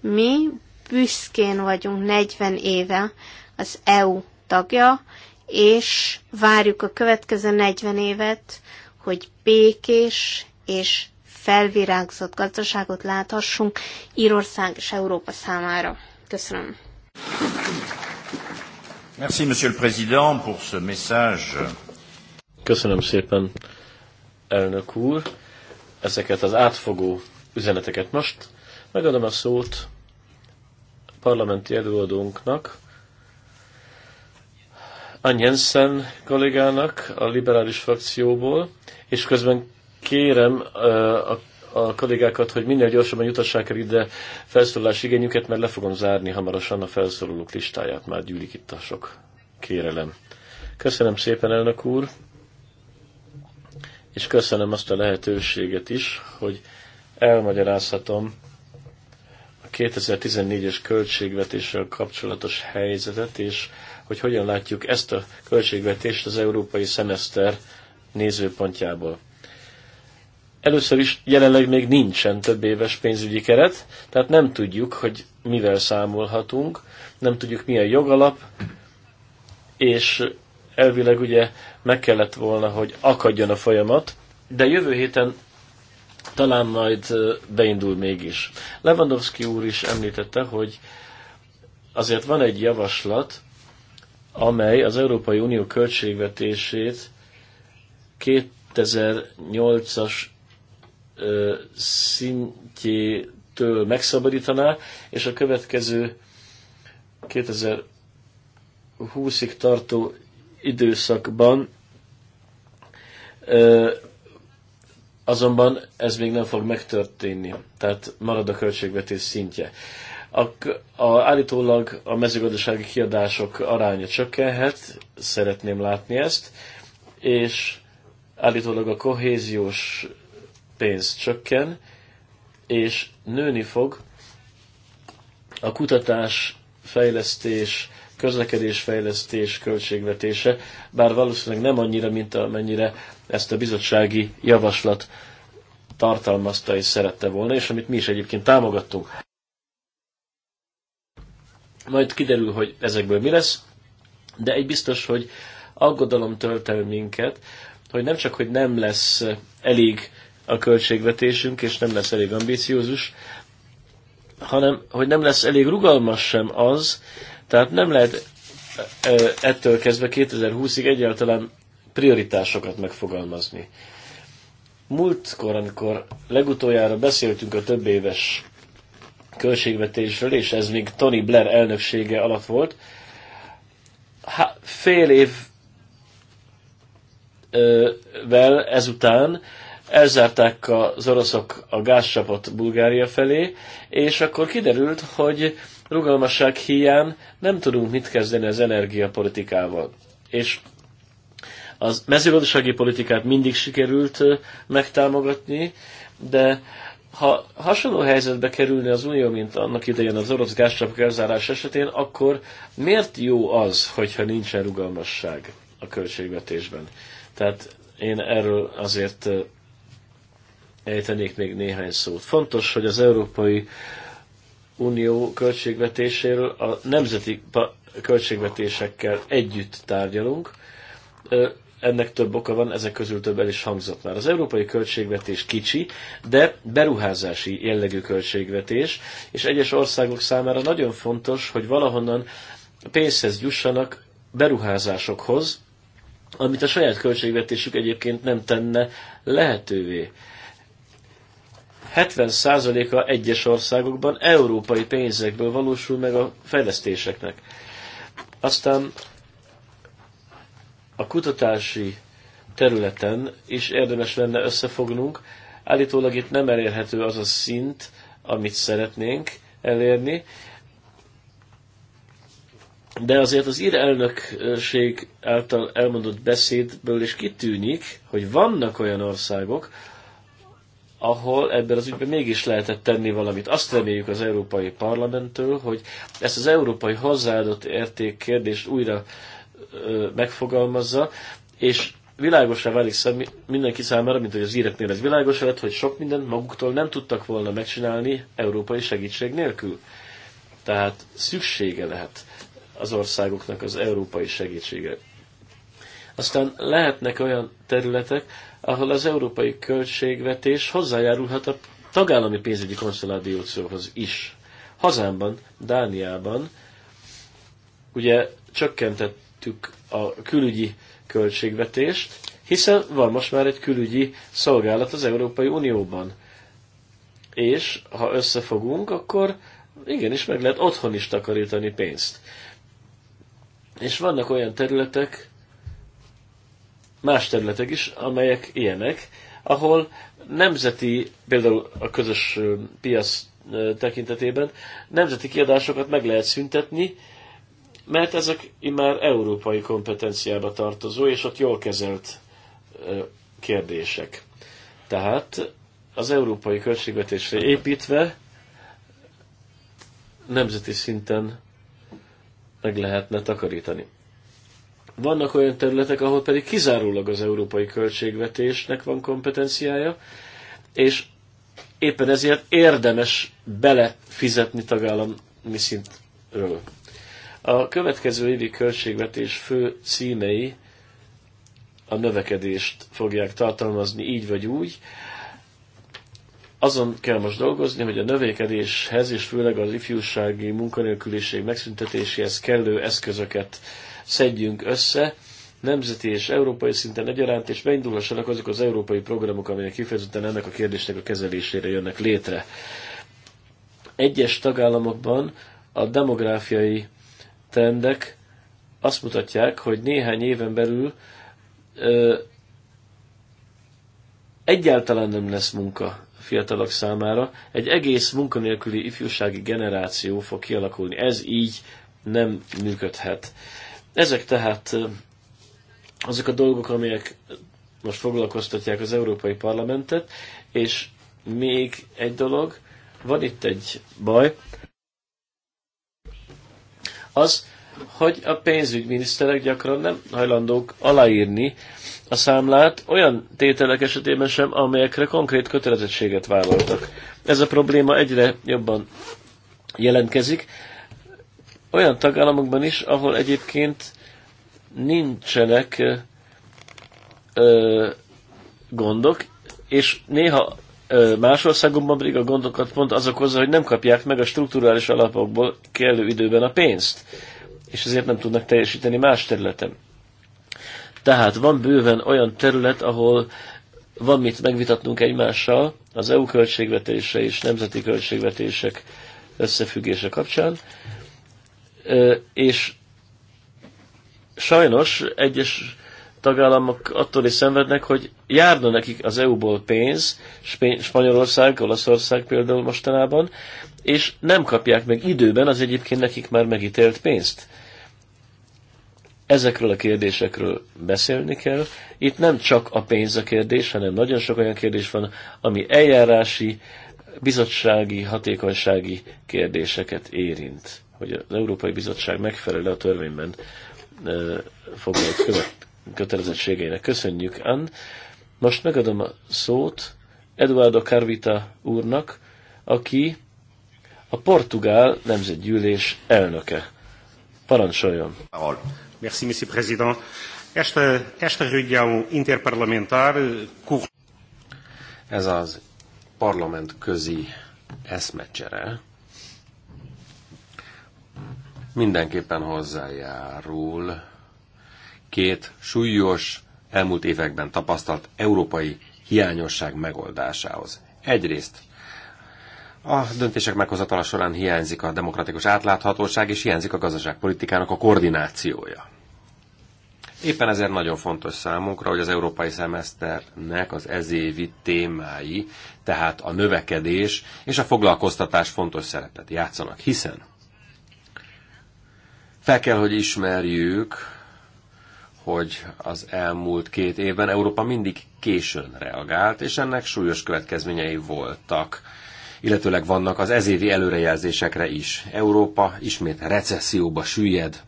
Mi büszkén vagyunk 40 éve az EU tagja, és várjuk a következő 40 évet, hogy békés és felvirágzott gazdaságot láthassunk Írország és Európa számára. Köszönöm. Merci, Monsieur le Président, pour ce message. Köszönöm szépen, elnök úr, ezeket az átfogó üzeneteket. Most megadom a szót parlamenti előadónknak, Anjensen kollégának a liberális frakcióból, és közben kérem a, a kollégákat, hogy minél gyorsabban jutassák el ide felszólalási igényüket, mert le fogom zárni hamarosan a felszólalók listáját, már gyűlik itt a sok kérelem. Köszönöm szépen, elnök úr, és köszönöm azt a lehetőséget is, hogy elmagyarázhatom a 2014-es költségvetéssel kapcsolatos helyzetet, és hogy hogyan látjuk ezt a költségvetést az európai szemeszter nézőpontjából. Először is jelenleg még nincsen több éves pénzügyi keret, tehát nem tudjuk, hogy mivel számolhatunk, nem tudjuk mi a jogalap, és elvileg ugye meg kellett volna, hogy akadjon a folyamat, de jövő héten talán majd beindul mégis. Lewandowski úr is említette, hogy azért van egy javaslat, amely az Európai Unió költségvetését 2008-as szintjétől megszabadítaná, és a következő 2020-ig tartó időszakban azonban ez még nem fog megtörténni, tehát marad a költségvetés szintje. A, a, állítólag a mezőgazdasági kiadások aránya csökkenhet, szeretném látni ezt, és állítólag a kohéziós pénz csökken, és nőni fog a kutatás, fejlesztés, fejlesztés költségvetése, bár valószínűleg nem annyira, mint amennyire ezt a bizottsági javaslat tartalmazta és szerette volna, és amit mi is egyébként támogattunk. Majd kiderül, hogy ezekből mi lesz, de egy biztos, hogy aggodalom tölt el minket, hogy nem csak, hogy nem lesz elég a költségvetésünk, és nem lesz elég ambíciózus, hanem hogy nem lesz elég rugalmas sem az, tehát nem lehet ettől kezdve 2020-ig egyáltalán prioritásokat megfogalmazni. Múltkor, amikor legutoljára beszéltünk a több éves költségvetésről, és ez még Tony Blair elnöksége alatt volt, há, fél évvel ezután elzárták az oroszok a gázcsapat Bulgária felé, és akkor kiderült, hogy rugalmasság hiány nem tudunk mit kezdeni az energiapolitikával. És az mezőgazdasági politikát mindig sikerült megtámogatni, de ha hasonló helyzetbe kerülne az Unió, mint annak idején az orosz gázcsapok elzárás esetén, akkor miért jó az, hogyha nincsen rugalmasság a költségvetésben? Tehát én erről azért ejtenék még néhány szót. Fontos, hogy az Európai Unió költségvetéséről a nemzeti költségvetésekkel együtt tárgyalunk. Ennek több oka van, ezek közül több el is hangzott már. Az európai költségvetés kicsi, de beruházási jellegű költségvetés, és egyes országok számára nagyon fontos, hogy valahonnan pénzhez jussanak beruházásokhoz, amit a saját költségvetésük egyébként nem tenne lehetővé. 70%-a egyes országokban európai pénzekből valósul meg a fejlesztéseknek. Aztán a kutatási területen is érdemes lenne összefognunk. Állítólag itt nem elérhető az a szint, amit szeretnénk elérni, de azért az ír elnökség által elmondott beszédből is kitűnik, hogy vannak olyan országok, ahol ebben az ügyben mégis lehetett tenni valamit. Azt reméljük az Európai Parlamenttől, hogy ezt az európai hozzáadott érték kérdést újra ö, megfogalmazza, és világosra válik szem, mindenki számára, mint hogy az íreknél ez világos lett, hogy sok mindent maguktól nem tudtak volna megcsinálni európai segítség nélkül. Tehát szüksége lehet az országoknak az európai segítségre. Aztán lehetnek olyan területek, ahol az európai költségvetés hozzájárulhat a tagállami pénzügyi konszolidációhoz is. Hazámban, Dániában ugye csökkentettük a külügyi költségvetést, hiszen van most már egy külügyi szolgálat az Európai Unióban. És ha összefogunk, akkor igenis meg lehet otthon is takarítani pénzt. És vannak olyan területek, más területek is, amelyek ilyenek, ahol nemzeti, például a közös piac tekintetében, nemzeti kiadásokat meg lehet szüntetni, mert ezek immár európai kompetenciába tartozó, és ott jól kezelt kérdések. Tehát az európai költségvetésre építve nemzeti szinten meg lehetne takarítani. Vannak olyan területek, ahol pedig kizárólag az európai költségvetésnek van kompetenciája, és éppen ezért érdemes belefizetni tagállami szintről. A következő évi költségvetés fő címei a növekedést fogják tartalmazni így vagy úgy. Azon kell most dolgozni, hogy a növekedéshez és főleg az ifjúsági munkanélküliség megszüntetéséhez kellő eszközöket szedjünk össze, nemzeti és európai szinten egyaránt, és beindulhassanak azok az európai programok, amelyek kifejezetten ennek a kérdésnek a kezelésére jönnek létre. Egyes tagállamokban a demográfiai trendek azt mutatják, hogy néhány éven belül ö, egyáltalán nem lesz munka fiatalok számára. Egy egész munkanélküli ifjúsági generáció fog kialakulni. Ez így nem működhet. Ö, ezek tehát azok a dolgok, amelyek most foglalkoztatják az Európai Parlamentet, és még egy dolog, van itt egy baj, az, hogy a pénzügyminiszterek gyakran nem hajlandók aláírni a számlát olyan tételek esetében sem, amelyekre konkrét kötelezettséget vállaltak. Ez a probléma egyre jobban jelentkezik, olyan tagállamokban is, ahol egyébként nincsenek ö, gondok, és néha ö, más országokban pedig a gondokat pont az okozza, hogy nem kapják meg a strukturális alapokból kellő időben a pénzt, és ezért nem tudnak teljesíteni más területen. Tehát van bőven olyan terület, ahol van mit megvitatnunk egymással az EU költségvetése és nemzeti költségvetések összefüggése kapcsán, és sajnos egyes tagállamok attól is szenvednek, hogy járna nekik az EU-ból pénz, Spanyolország, Olaszország például mostanában, és nem kapják meg időben az egyébként nekik már megítélt pénzt. Ezekről a kérdésekről beszélni kell. Itt nem csak a pénz a kérdés, hanem nagyon sok olyan kérdés van, ami eljárási, bizottsági, hatékonysági kérdéseket érint hogy az Európai Bizottság megfelel a törvényben foglalt követ, kötelezettségeinek. Köszönjük, Ann. Most megadom a szót Eduardo Carvita úrnak, aki a portugál nemzetgyűlés elnöke. Parancsoljon! Merci, monsieur président. Esta, esta reunião interparlamentar... Eh, Ez az parlament közi eszmecsere mindenképpen hozzájárul két súlyos, elmúlt években tapasztalt európai hiányosság megoldásához. Egyrészt a döntések meghozatala során hiányzik a demokratikus átláthatóság, és hiányzik a gazdaságpolitikának a koordinációja. Éppen ezért nagyon fontos számunkra, hogy az európai szemeszternek az ezévi témái, tehát a növekedés és a foglalkoztatás fontos szerepet játszanak, hiszen fel kell, hogy ismerjük, hogy az elmúlt két évben Európa mindig későn reagált, és ennek súlyos következményei voltak illetőleg vannak az ezévi előrejelzésekre is. Európa ismét recesszióba süllyed.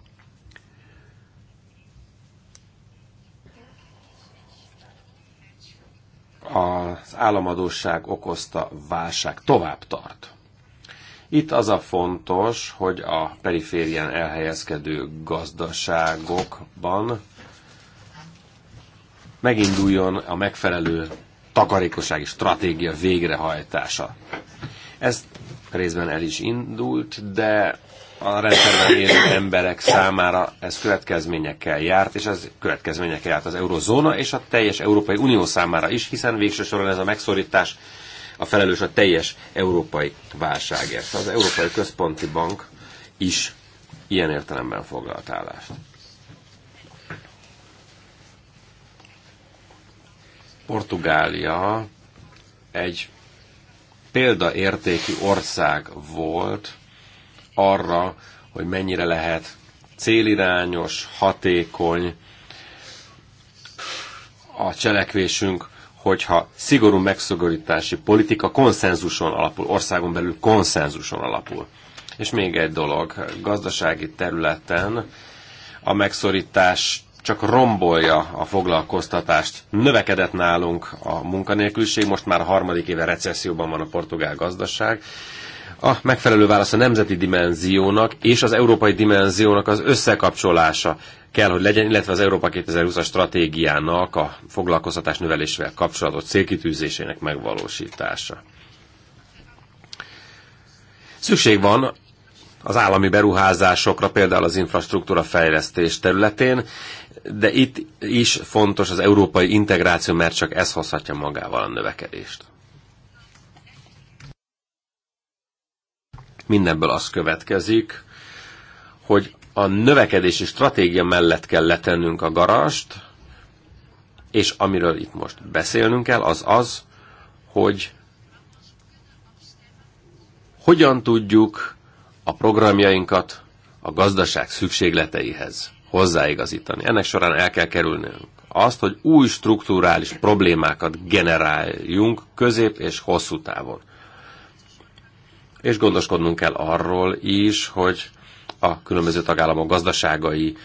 Az államadóság okozta válság tovább tart. Itt az a fontos, hogy a periférián elhelyezkedő gazdaságokban meginduljon a megfelelő takarékossági stratégia végrehajtása. Ez részben el is indult, de a rendszerben élő emberek számára ez következményekkel járt, és ez következményekkel járt az eurozóna és a teljes Európai Unió számára is, hiszen végső soron ez a megszorítás a felelős a teljes európai válságért. Az Európai Központi Bank is ilyen értelemben foglalt állást. Portugália egy példaértékű ország volt arra, hogy mennyire lehet célirányos, hatékony a cselekvésünk hogyha szigorú megszigorítási politika konszenzuson alapul, országon belül konszenzuson alapul. És még egy dolog, gazdasági területen a megszorítás csak rombolja a foglalkoztatást. Növekedett nálunk a munkanélküliség, most már a harmadik éve recesszióban van a portugál gazdaság, a megfelelő válasz a nemzeti dimenziónak és az európai dimenziónak az összekapcsolása kell, hogy legyen, illetve az Európa 2020-as stratégiának a foglalkoztatás növelésével kapcsolatos célkitűzésének megvalósítása. Szükség van az állami beruházásokra, például az infrastruktúra fejlesztés területén, de itt is fontos az európai integráció, mert csak ez hozhatja magával a növekedést. Mindenből az következik, hogy a növekedési stratégia mellett kell letennünk a garast, és amiről itt most beszélnünk kell, az az, hogy hogyan tudjuk a programjainkat a gazdaság szükségleteihez hozzáigazítani. Ennek során el kell kerülnünk azt, hogy új strukturális problémákat generáljunk közép és hosszú távon és gondoskodnunk kell arról is, hogy a különböző tagállamok gazdaságai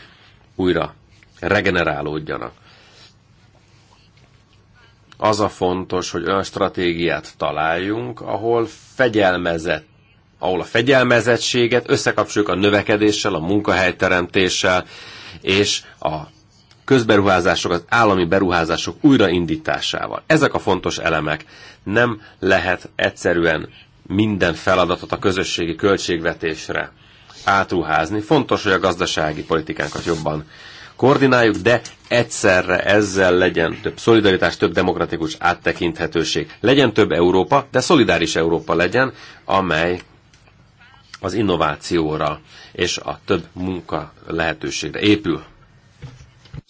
újra regenerálódjanak. Az a fontos, hogy olyan stratégiát találjunk, ahol fegyelmezett ahol a fegyelmezettséget összekapcsoljuk a növekedéssel, a munkahelyteremtéssel, és a közberuházások, az állami beruházások újraindításával. Ezek a fontos elemek. Nem lehet egyszerűen minden feladatot a közösségi költségvetésre átruházni. Fontos, hogy a gazdasági politikánkat jobban koordináljuk, de egyszerre ezzel legyen több szolidaritás, több demokratikus áttekinthetőség. Legyen több Európa, de szolidáris Európa legyen, amely az innovációra és a több munka lehetőségre épül.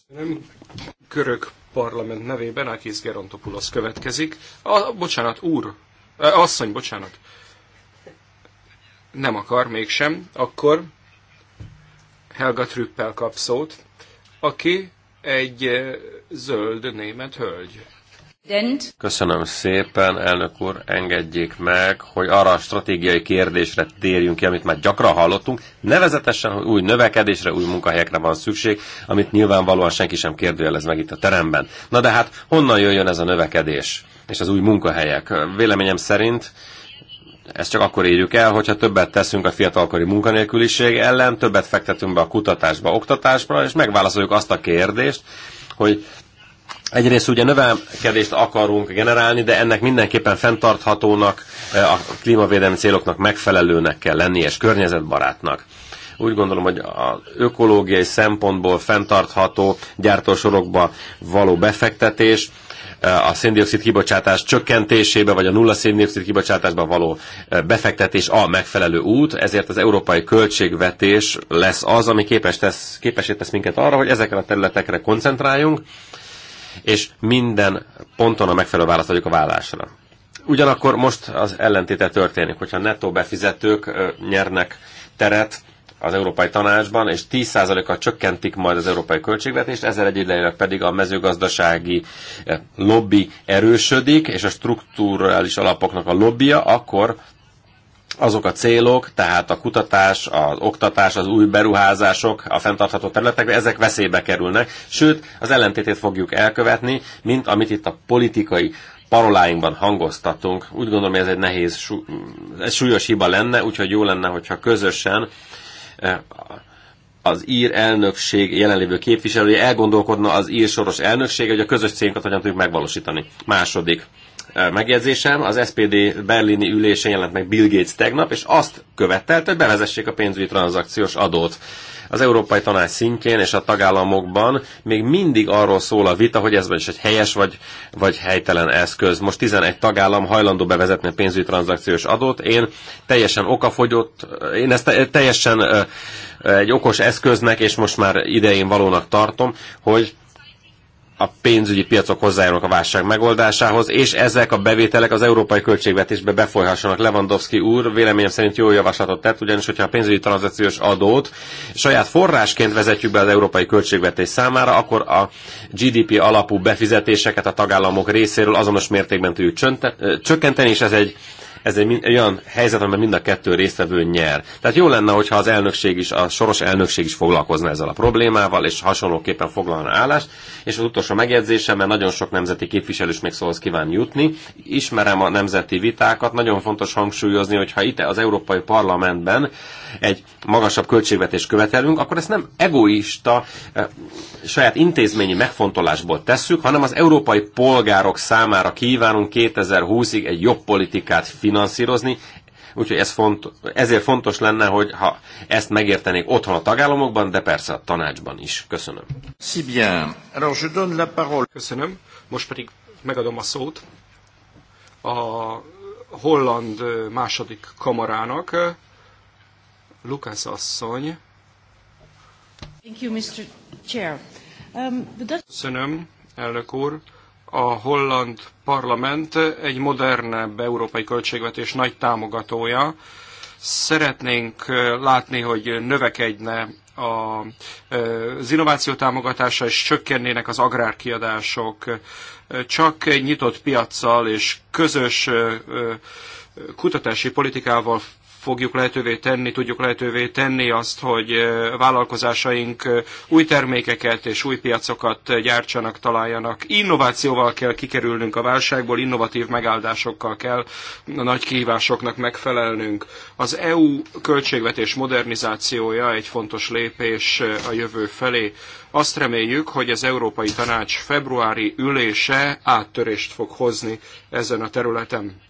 Nem körök parlament nevében Akis Gerontopulosz következik. A, bocsánat, úr, Asszony, bocsánat. Nem akar mégsem. Akkor Helga Trüppel kap szót, aki egy zöld német hölgy. Köszönöm szépen, elnök úr, engedjék meg, hogy arra a stratégiai kérdésre térjünk ki, amit már gyakran hallottunk, nevezetesen, hogy új növekedésre, új munkahelyekre van szükség, amit nyilvánvalóan senki sem kérdőjelez meg itt a teremben. Na de hát honnan jöjjön ez a növekedés? és az új munkahelyek. Véleményem szerint ezt csak akkor írjuk el, hogyha többet teszünk a fiatalkori munkanélküliség ellen, többet fektetünk be a kutatásba, oktatásba, és megválaszoljuk azt a kérdést, hogy egyrészt ugye növelkedést akarunk generálni, de ennek mindenképpen fenntarthatónak, eh, a klímavédelmi céloknak megfelelőnek kell lenni, és környezetbarátnak. Úgy gondolom, hogy az ökológiai szempontból fenntartható gyártósorokba való befektetés a széndiokszid kibocsátás csökkentésébe, vagy a nulla széndiokszid kibocsátásba való befektetés a megfelelő út, ezért az európai költségvetés lesz az, ami képes tesz, képesít tesz minket arra, hogy ezekre a területekre koncentráljunk, és minden ponton a megfelelő választ adjuk a vállásra. Ugyanakkor most az ellentéte történik, hogyha nettó befizetők nyernek teret, az Európai Tanácsban, és 10%-kal csökkentik majd az európai költségvetést, ezzel egyidejűleg pedig a mezőgazdasági eh, lobby erősödik, és a struktúrális alapoknak a lobbia, akkor azok a célok, tehát a kutatás, az oktatás, az új beruházások a fenntartható területekre, ezek veszélybe kerülnek, sőt, az ellentétét fogjuk elkövetni, mint amit itt a politikai paroláinkban hangoztatunk. Úgy gondolom, hogy ez egy nehéz, ez súlyos hiba lenne, úgyhogy jó lenne, hogyha közösen az ír elnökség jelenlévő képviselője elgondolkodna az ír soros elnökség, hogy a közös célunkat hogyan tudjuk megvalósítani. Második megjegyzésem, az SPD berlini ülésén jelent meg Bill Gates tegnap, és azt követelte, hogy bevezessék a pénzügyi tranzakciós adót. Az Európai Tanács szintjén és a tagállamokban még mindig arról szól a vita, hogy ez is egy helyes vagy, vagy helytelen eszköz. Most 11 tagállam hajlandó bevezetni a pénzügyi tranzakciós adót. Én teljesen okafogyott, én ezt teljesen egy okos eszköznek, és most már idején valónak tartom, hogy a pénzügyi piacok hozzájárulnak a válság megoldásához, és ezek a bevételek az európai költségvetésbe befolyhassanak. Lewandowski úr véleményem szerint jó javaslatot tett, ugyanis hogyha a pénzügyi tranzakciós adót saját forrásként vezetjük be az európai költségvetés számára, akkor a GDP alapú befizetéseket a tagállamok részéről azonos mértékben tudjuk csökkenteni, és ez egy ez egy olyan helyzet, amiben mind a kettő résztvevő nyer. Tehát jó lenne, hogyha az elnökség is, a soros elnökség is foglalkozna ezzel a problémával, és hasonlóképpen foglalna állást. És az utolsó megjegyzésem, mert nagyon sok nemzeti képviselős még szóhoz kíván jutni, ismerem a nemzeti vitákat, nagyon fontos hangsúlyozni, hogy ha itt az Európai Parlamentben egy magasabb költségvetés követelünk, akkor ezt nem egoista, eh, saját intézményi megfontolásból tesszük, hanem az európai polgárok számára kívánunk 2020-ig egy jobb politikát finanszírozni finanszírozni, úgyhogy ez font, ezért fontos lenne, hogy ha ezt megértenék otthon a tagállamokban, de persze a tanácsban is. Köszönöm. Si bien. Alors je donne la parole. Köszönöm. Most pedig megadom a szót a holland második kamarának, Lukász asszony. Thank you, Mr. Chair. Um, the Köszönöm, elnök úr a holland parlament egy modernebb európai költségvetés nagy támogatója. Szeretnénk látni, hogy növekedne a, az innováció támogatása, és csökkennének az agrárkiadások. Csak egy nyitott piaccal és közös kutatási politikával fogjuk lehetővé tenni, tudjuk lehetővé tenni azt, hogy vállalkozásaink új termékeket és új piacokat gyártsanak, találjanak. Innovációval kell kikerülnünk a válságból, innovatív megáldásokkal kell a nagy kihívásoknak megfelelnünk. Az EU költségvetés modernizációja egy fontos lépés a jövő felé. Azt reméljük, hogy az Európai Tanács februári ülése áttörést fog hozni ezen a területen.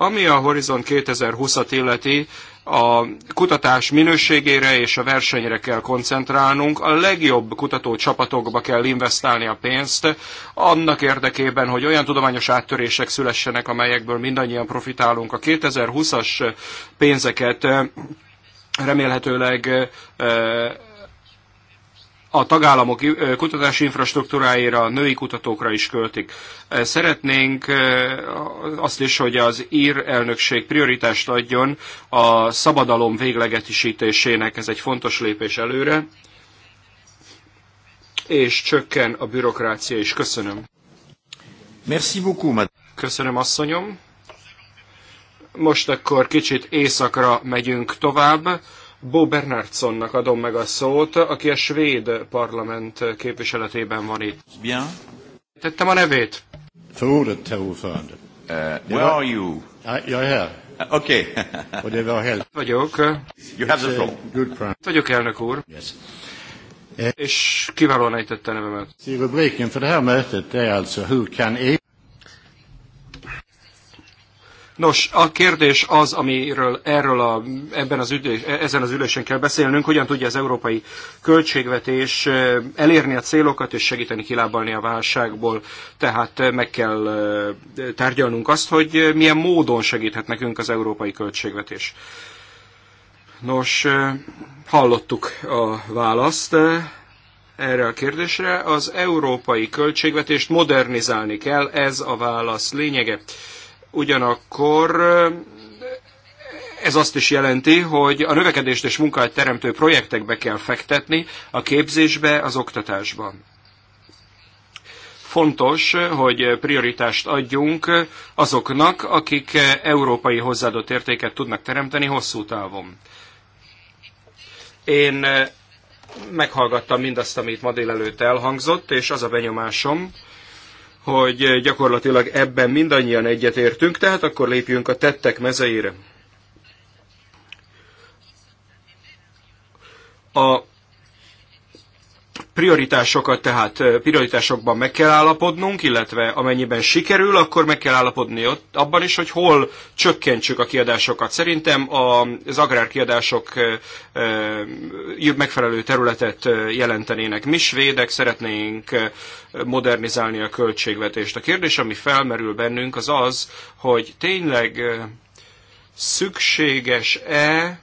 Ami a Horizon 2020-at illeti, a kutatás minőségére és a versenyre kell koncentrálnunk, a legjobb kutató csapatokba kell investálni a pénzt, annak érdekében, hogy olyan tudományos áttörések szülessenek, amelyekből mindannyian profitálunk. A 2020-as pénzeket remélhetőleg a tagállamok kutatási infrastruktúráira, női kutatókra is költik. Szeretnénk azt is, hogy az ír elnökség prioritást adjon a szabadalom véglegetisítésének, ez egy fontos lépés előre, és csökken a bürokrácia is. Köszönöm. Merci beaucoup, Köszönöm, asszonyom. Most akkor kicsit éjszakra megyünk tovább. Bo Bernardsonnak adom meg a szót, aki a svéd parlament képviseletében van itt. Bien. Tettem a nevét. Förordet, herr ordförande. Uh, where are you? I, you're here. Oké. Och det var helt... Vagyok. You have the floor. Good prime. Vagyok elnök úr. Yes. És kiválóan ejtette nevemet. the breaking for the mötet they also Who can eat? Nos, a kérdés az, amiről erről a, ebben az üdés, ezen az ülésen kell beszélnünk, hogyan tudja az európai költségvetés eh, elérni a célokat és segíteni kilábalni a válságból. Tehát eh, meg kell eh, tárgyalnunk azt, hogy milyen módon segíthet nekünk az európai költségvetés. Nos, hallottuk a választ erre a kérdésre. Az európai költségvetést modernizálni kell, ez a válasz lényege. Ugyanakkor ez azt is jelenti, hogy a növekedést és munkát teremtő projektekbe kell fektetni, a képzésbe, az oktatásban. Fontos, hogy prioritást adjunk azoknak, akik európai hozzáadott értéket tudnak teremteni hosszú távon. Én meghallgattam mindazt, amit ma délelőtt elhangzott, és az a benyomásom, hogy eh, gyakorlatilag ebben mindannyian egyetértünk, tehát akkor lépjünk a tettek mezeire. A prioritásokat tehát prioritásokban meg kell állapodnunk, illetve amennyiben sikerül, akkor meg kell állapodni ott, abban is, hogy hol csökkentsük a kiadásokat. Szerintem az agrárkiadások megfelelő területet jelentenének. Mi svédek szeretnénk modernizálni a költségvetést. A kérdés, ami felmerül bennünk, az az, hogy tényleg szükséges-e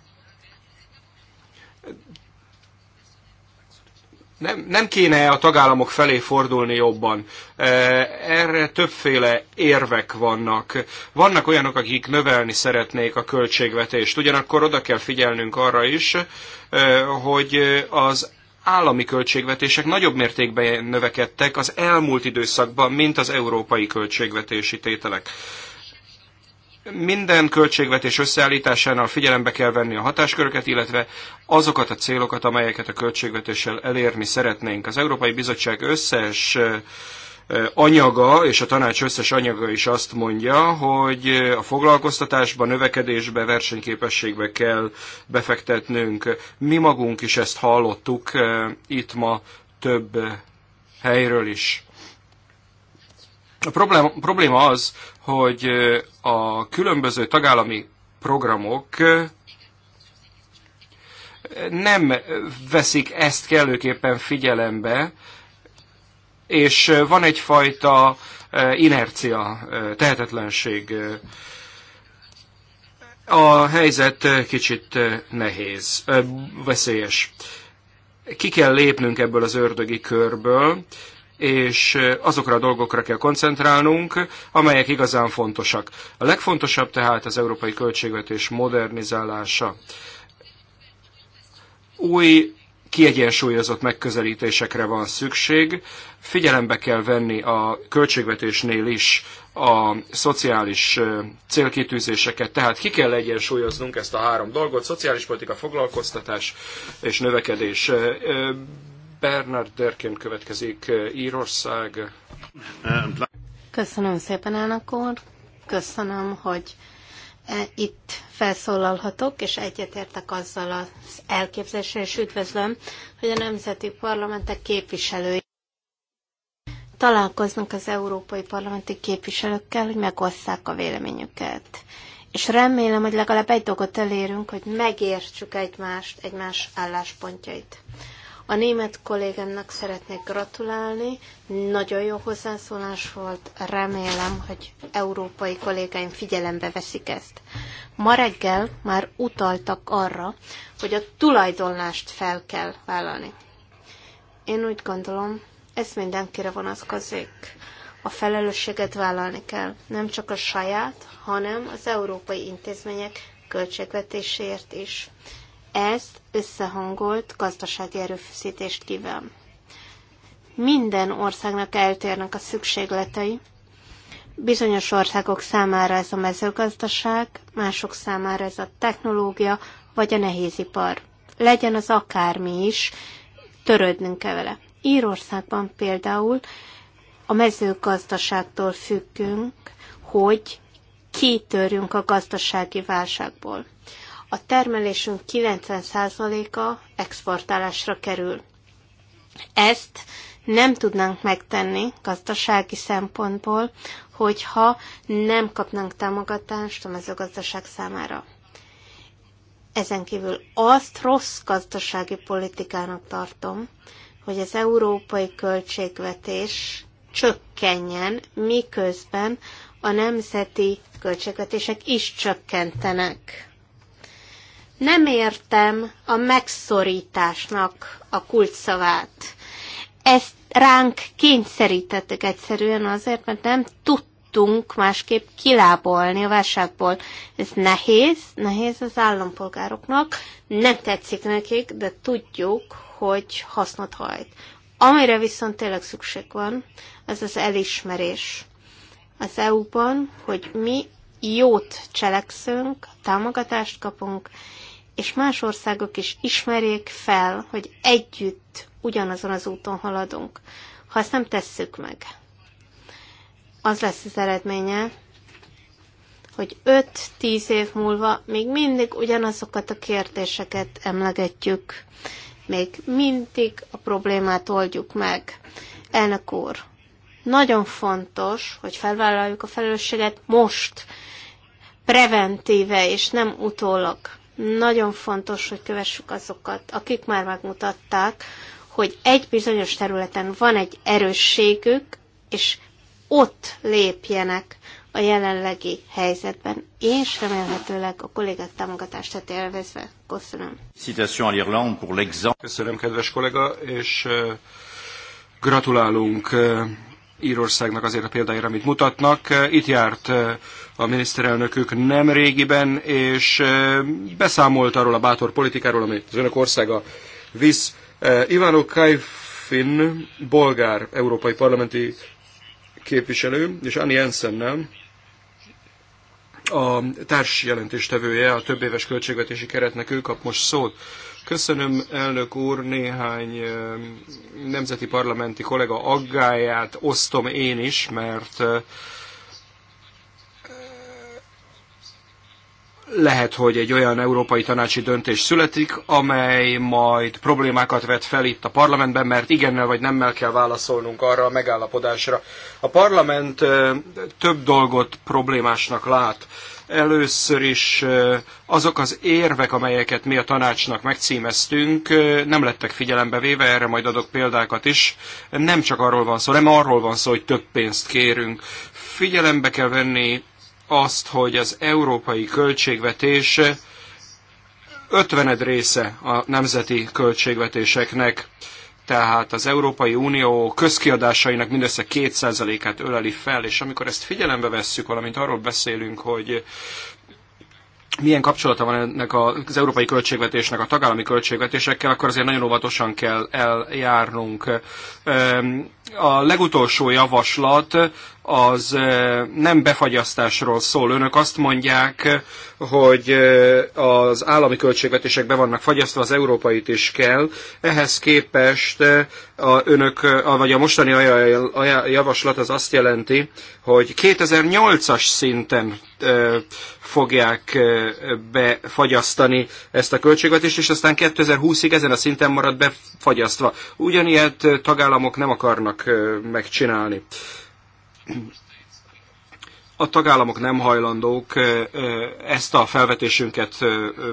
nem, nem kéne a tagállamok felé fordulni jobban. Erre többféle érvek vannak. Vannak olyanok, akik növelni szeretnék a költségvetést, ugyanakkor oda kell figyelnünk arra is, hogy az állami költségvetések nagyobb mértékben növekedtek az elmúlt időszakban, mint az európai költségvetési tételek minden költségvetés összeállításánál figyelembe kell venni a hatásköröket, illetve azokat a célokat, amelyeket a költségvetéssel elérni szeretnénk. Az Európai Bizottság összes anyaga, és a tanács összes anyaga is azt mondja, hogy a foglalkoztatásba, növekedésbe, versenyképességbe kell befektetnünk. Mi magunk is ezt hallottuk itt ma több helyről is. A probléma, probléma az, hogy a különböző tagállami programok nem veszik ezt kellőképpen figyelembe, és van egyfajta inercia, tehetetlenség. A helyzet kicsit nehéz, veszélyes. Ki kell lépnünk ebből az ördögi körből, és azokra a dolgokra kell koncentrálnunk, amelyek igazán fontosak. A legfontosabb tehát az európai költségvetés modernizálása. Új kiegyensúlyozott megközelítésekre van szükség. Figyelembe kell venni a költségvetésnél is a szociális célkitűzéseket, tehát ki kell egyensúlyoznunk ezt a három dolgot, szociális politika, foglalkoztatás és növekedés. Bernard Derkin következik eh, Írország. Köszönöm szépen, elnök úr. Köszönöm, hogy eh, itt felszólalhatok, és egyetértek azzal az elképzeléssel, és üdvözlöm, hogy a nemzeti parlamentek képviselői találkoznak az európai parlamenti képviselőkkel, hogy megosszák a véleményüket. És remélem, hogy legalább egy dolgot elérünk, hogy megértsük egymást, egymás álláspontjait. A német kollégámnak szeretnék gratulálni, nagyon jó hozzászólás volt, remélem, hogy európai kollégáim figyelembe veszik ezt. Ma reggel már utaltak arra, hogy a tulajdonlást fel kell vállalni. Én úgy gondolom, ez mindenkire vonatkozik. A felelősséget vállalni kell, nem csak a saját, hanem az európai intézmények költségvetéséért is ezt összehangolt gazdasági erőfeszítést kíván. Minden országnak eltérnek a szükségletei. Bizonyos országok számára ez a mezőgazdaság, mások számára ez a technológia vagy a nehézipar. Legyen az akármi is, törődnünk kell vele. Írországban például a mezőgazdaságtól függünk, hogy kitörjünk a gazdasági válságból. A termelésünk 90%-a exportálásra kerül. Ezt nem tudnánk megtenni gazdasági szempontból, hogyha nem kapnánk támogatást a mezőgazdaság számára. Ezen kívül azt rossz gazdasági politikának tartom, hogy az európai költségvetés csökkenjen, miközben a nemzeti költségvetések is csökkentenek. Nem értem a megszorításnak a kulcsszavát. Ezt ránk kényszerítettek egyszerűen azért, mert nem tudtunk másképp kilábolni a válságból. Ez nehéz, nehéz az állampolgároknak, nem tetszik nekik, de tudjuk, hogy hasznot hajt. Amire viszont tényleg szükség van, az az elismerés az EU-ban, hogy mi jót cselekszünk, támogatást kapunk, és más országok is ismerjék fel, hogy együtt ugyanazon az úton haladunk. Ha ezt nem tesszük meg, az lesz az eredménye, hogy 5-10 év múlva még mindig ugyanazokat a kérdéseket emlegetjük, még mindig a problémát oldjuk meg. Elnök úr, nagyon fontos, hogy felvállaljuk a felelősséget most, preventíve és nem utólag. Nagyon fontos, hogy kövessük azokat, akik már megmutatták, hogy egy bizonyos területen van egy erősségük, és ott lépjenek a jelenlegi helyzetben, és remélhetőleg a kollégák támogatást tett hát élvezve. Köszönöm. Citation l'Irlande pour l'exemple. Köszönöm, kedves kollega, és eh, gratulálunk eh, Írországnak azért a példáira, amit mutatnak. Itt járt a miniszterelnökük nem régiben, és beszámolt arról a bátor politikáról, amit az önök országa visz. Ivano Kajfin, bolgár európai parlamenti képviselő, és Anni Jensennel, a társ jelentéstevője a több éves költségvetési keretnek, ő kap most szót. Köszönöm, elnök úr, néhány nemzeti parlamenti kollega aggáját osztom én is, mert lehet, hogy egy olyan európai tanácsi döntés születik, amely majd problémákat vet fel itt a parlamentben, mert igennel vagy nemmel kell válaszolnunk arra a megállapodásra. A parlament több dolgot problémásnak lát Először is azok az érvek, amelyeket mi a tanácsnak megcímeztünk, nem lettek figyelembe véve, erre majd adok példákat is. Nem csak arról van szó, nem arról van szó, hogy több pénzt kérünk. Figyelembe kell venni azt, hogy az európai költségvetés 50 része a nemzeti költségvetéseknek tehát az Európai Unió közkiadásainak mindössze 2%-át öleli fel, és amikor ezt figyelembe vesszük, valamint arról beszélünk, hogy milyen kapcsolata van ennek az európai költségvetésnek a tagállami költségvetésekkel, akkor azért nagyon óvatosan kell eljárnunk. A legutolsó javaslat az nem befagyasztásról szól. Önök azt mondják, hogy az állami költségvetések be vannak fagyasztva, az európait is kell. Ehhez képest a önök, vagy a mostani javaslat az azt jelenti, hogy 2008-as szinten fogják befagyasztani ezt a költségvetést, és aztán 2020-ig ezen a szinten marad befagyasztva. Ugyanilyet tagállamok nem akarnak megcsinálni. A tagállamok nem hajlandók ezt a felvetésünket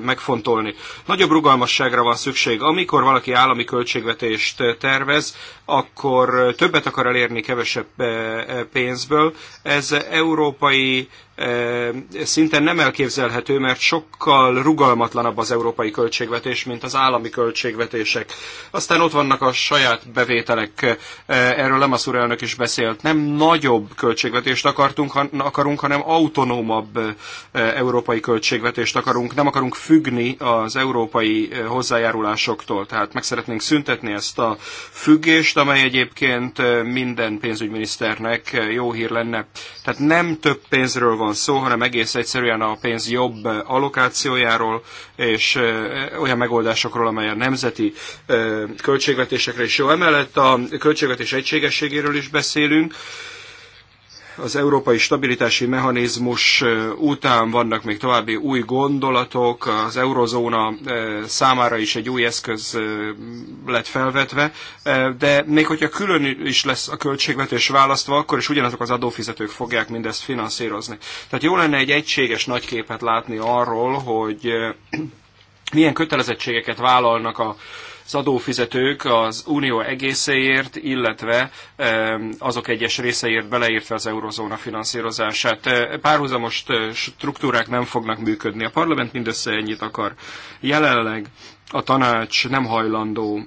megfontolni. Nagyobb rugalmasságra van szükség. Amikor valaki állami költségvetést tervez, akkor többet akar elérni kevesebb pénzből. Ez európai szinte nem elképzelhető, mert sokkal rugalmatlanabb az európai költségvetés, mint az állami költségvetések. Aztán ott vannak a saját bevételek, erről Lemaszúr elnök is beszélt. Nem nagyobb költségvetést akartunk, akarunk, hanem autonómabb európai költségvetést akarunk. Nem akarunk függni az európai hozzájárulásoktól. Tehát meg szeretnénk szüntetni ezt a függést, amely egyébként minden pénzügyminiszternek jó hír lenne. Tehát nem több pénzről van van szó, hanem egész egyszerűen a pénz jobb allokációjáról és olyan megoldásokról, amely a nemzeti költségvetésekre is jó. Emellett a költségvetés egységességéről is beszélünk, az európai stabilitási mechanizmus után vannak még további új gondolatok, az eurozóna számára is egy új eszköz lett felvetve, de még hogyha külön is lesz a költségvetés választva, akkor is ugyanazok az adófizetők fogják mindezt finanszírozni. Tehát jó lenne egy egységes nagyképet látni arról, hogy milyen kötelezettségeket vállalnak a az adófizetők az unió egészéért, illetve azok egyes részeért beleértve az eurozóna finanszírozását. Párhuzamos struktúrák nem fognak működni. A parlament mindössze ennyit akar. Jelenleg a tanács nem hajlandó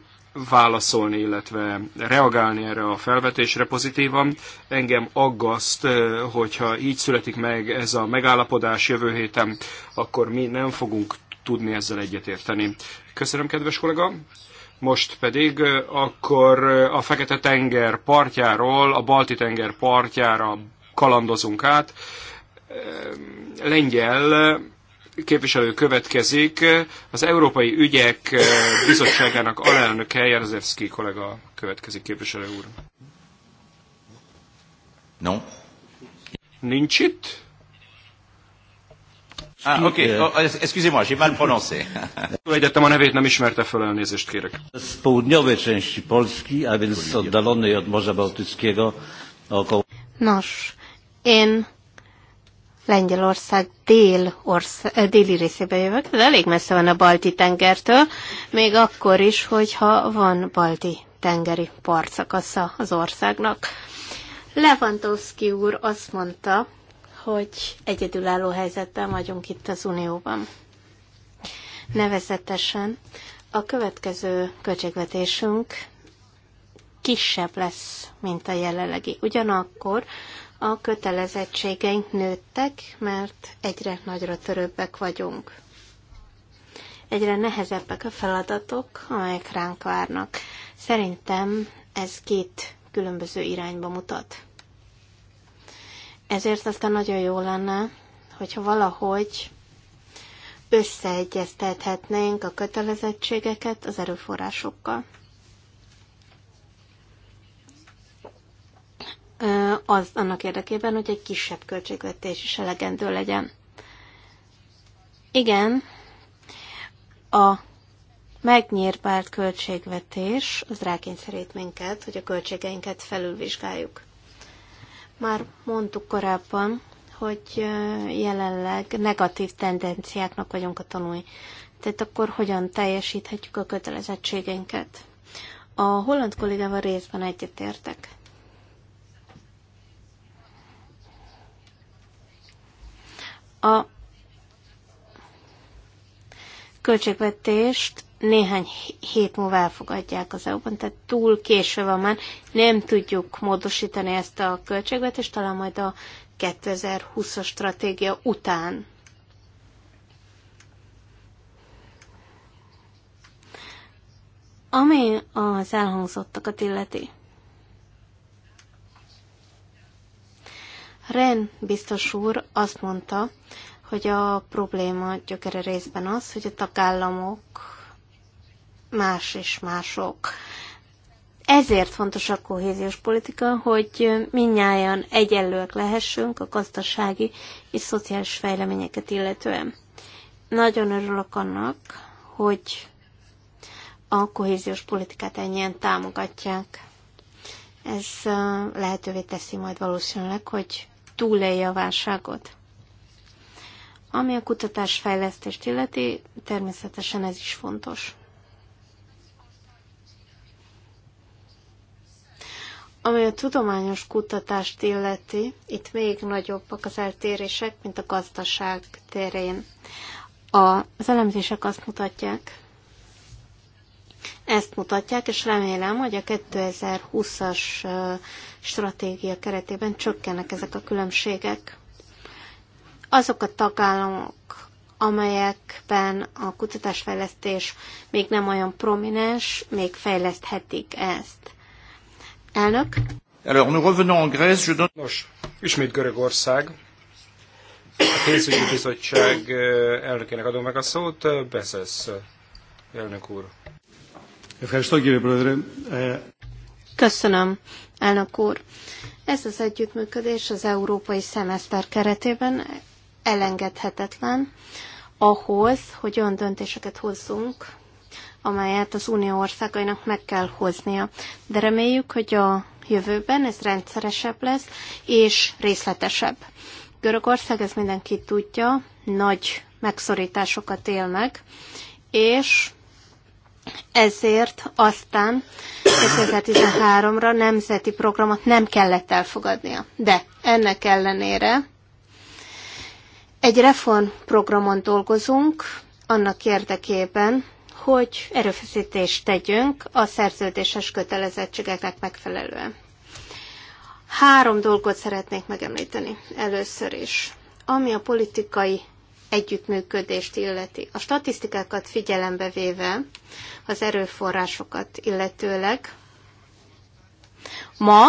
válaszolni, illetve reagálni erre a felvetésre pozitívan. Engem aggaszt, hogyha így születik meg ez a megállapodás jövő héten, akkor mi nem fogunk tudni ezzel egyetérteni. Köszönöm, kedves kollega! Most pedig akkor a Fekete-tenger partjáról a Balti-tenger partjára kalandozunk át. Lengyel képviselő következik, az Európai Ügyek Bizottságának alelnöke Jerzewski kollega következik, képviselő úr. No. Nincs itt? Ah, oké, okay. Oh, oh, excusez-moi, j'ai mal prononcé. Ejtettem a nevét, nem ismerte fel, elnézést kérek. Z południowej części Polski, a więc oddalonej od Morza Bałtyckiego około... Nos, én Lengyelország dél ország, eh, déli részébe jövök, de elég messze van a balti tengertől, még akkor is, hogyha van balti tengeri partszakasza az országnak. Lewandowski úr azt mondta, hogy egyedülálló helyzetben vagyunk itt az Unióban. Nevezetesen a következő költségvetésünk kisebb lesz, mint a jelenlegi. Ugyanakkor a kötelezettségeink nőttek, mert egyre nagyra törőbbek vagyunk. Egyre nehezebbek a feladatok, amelyek ránk várnak. Szerintem ez két különböző irányba mutat. Ezért aztán nagyon jó lenne, hogyha valahogy összeegyeztethetnénk a kötelezettségeket az erőforrásokkal. Az annak érdekében, hogy egy kisebb költségvetés is elegendő legyen. Igen, a megnyírbált költségvetés az rákényszerít minket, hogy a költségeinket felülvizsgáljuk. Már mondtuk korábban, hogy jelenleg negatív tendenciáknak vagyunk a tanulni. Tehát akkor hogyan teljesíthetjük a kötelezettségeinket? A holland kollégával részben egyetértek. A költségvetést néhány hét múlva elfogadják az EU-ban, tehát túl késő van már, nem tudjuk módosítani ezt a költségvetést, talán majd a 2020-as stratégia után. Ami az elhangzottakat illeti. Ren biztos úr azt mondta, hogy a probléma gyökere részben az, hogy a tagállamok más és mások. Ezért fontos a kohéziós politika, hogy minnyáján egyenlőek lehessünk a gazdasági és szociális fejleményeket illetően. Nagyon örülök annak, hogy a kohéziós politikát ennyien támogatják. Ez lehetővé teszi majd valószínűleg, hogy túlélje a válságot. Ami a kutatásfejlesztést illeti, természetesen ez is fontos. Ami a tudományos kutatást illeti, itt még nagyobbak az eltérések, mint a gazdaság terén. Az elemzések azt mutatják, ezt mutatják, és remélem, hogy a 2020-as stratégia keretében csökkennek ezek a különbségek. Azok a tagállamok, amelyekben a kutatásfejlesztés még nem olyan prominens, még fejleszthetik ezt. Elnök. Alors, nous revenons en Grèce, je donne... Nos, ismét Görögország. A pénzügyi bizottság eh, elnökének adom meg a szót, eh, Beszesz eh, elnök úr. Köszönöm, elnök úr. Ez az együttműködés az európai szemeszter keretében elengedhetetlen ahhoz, hogy olyan döntéseket hozzunk, amelyet az unió országainak meg kell hoznia. De reméljük, hogy a jövőben ez rendszeresebb lesz, és részletesebb. Görögország, ez mindenki tudja, nagy megszorításokat él meg, és ezért aztán 2013-ra nemzeti programot nem kellett elfogadnia. De ennek ellenére egy reformprogramon dolgozunk, annak érdekében, hogy erőfeszítést tegyünk a szerződéses kötelezettségeknek megfelelően. Három dolgot szeretnék megemlíteni először is. Ami a politikai együttműködést illeti. A statisztikákat figyelembe véve, az erőforrásokat illetőleg, ma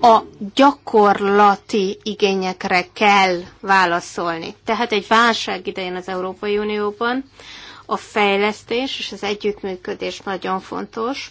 a gyakorlati igényekre kell válaszolni. Tehát egy válság idején az Európai Unióban a fejlesztés és az együttműködés nagyon fontos.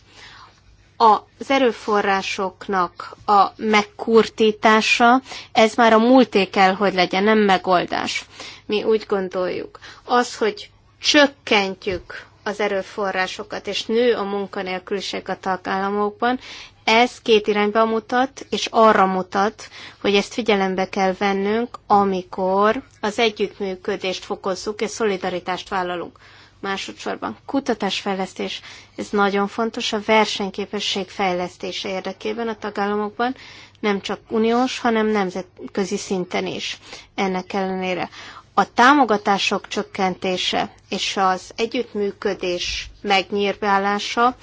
Az erőforrásoknak a megkurtítása, ez már a múlté kell, hogy legyen, nem megoldás. Mi úgy gondoljuk. Az, hogy csökkentjük az erőforrásokat, és nő a munkanélküliség a tagállamokban, ez két irányba mutat, és arra mutat, hogy ezt figyelembe kell vennünk, amikor az együttműködést fokozzuk és szolidaritást vállalunk másodszorban. Kutatásfejlesztés, ez nagyon fontos a versenyképesség fejlesztése érdekében a tagállamokban, nem csak uniós, hanem nemzetközi szinten is. Ennek ellenére a támogatások csökkentése és az együttműködés megnyírválása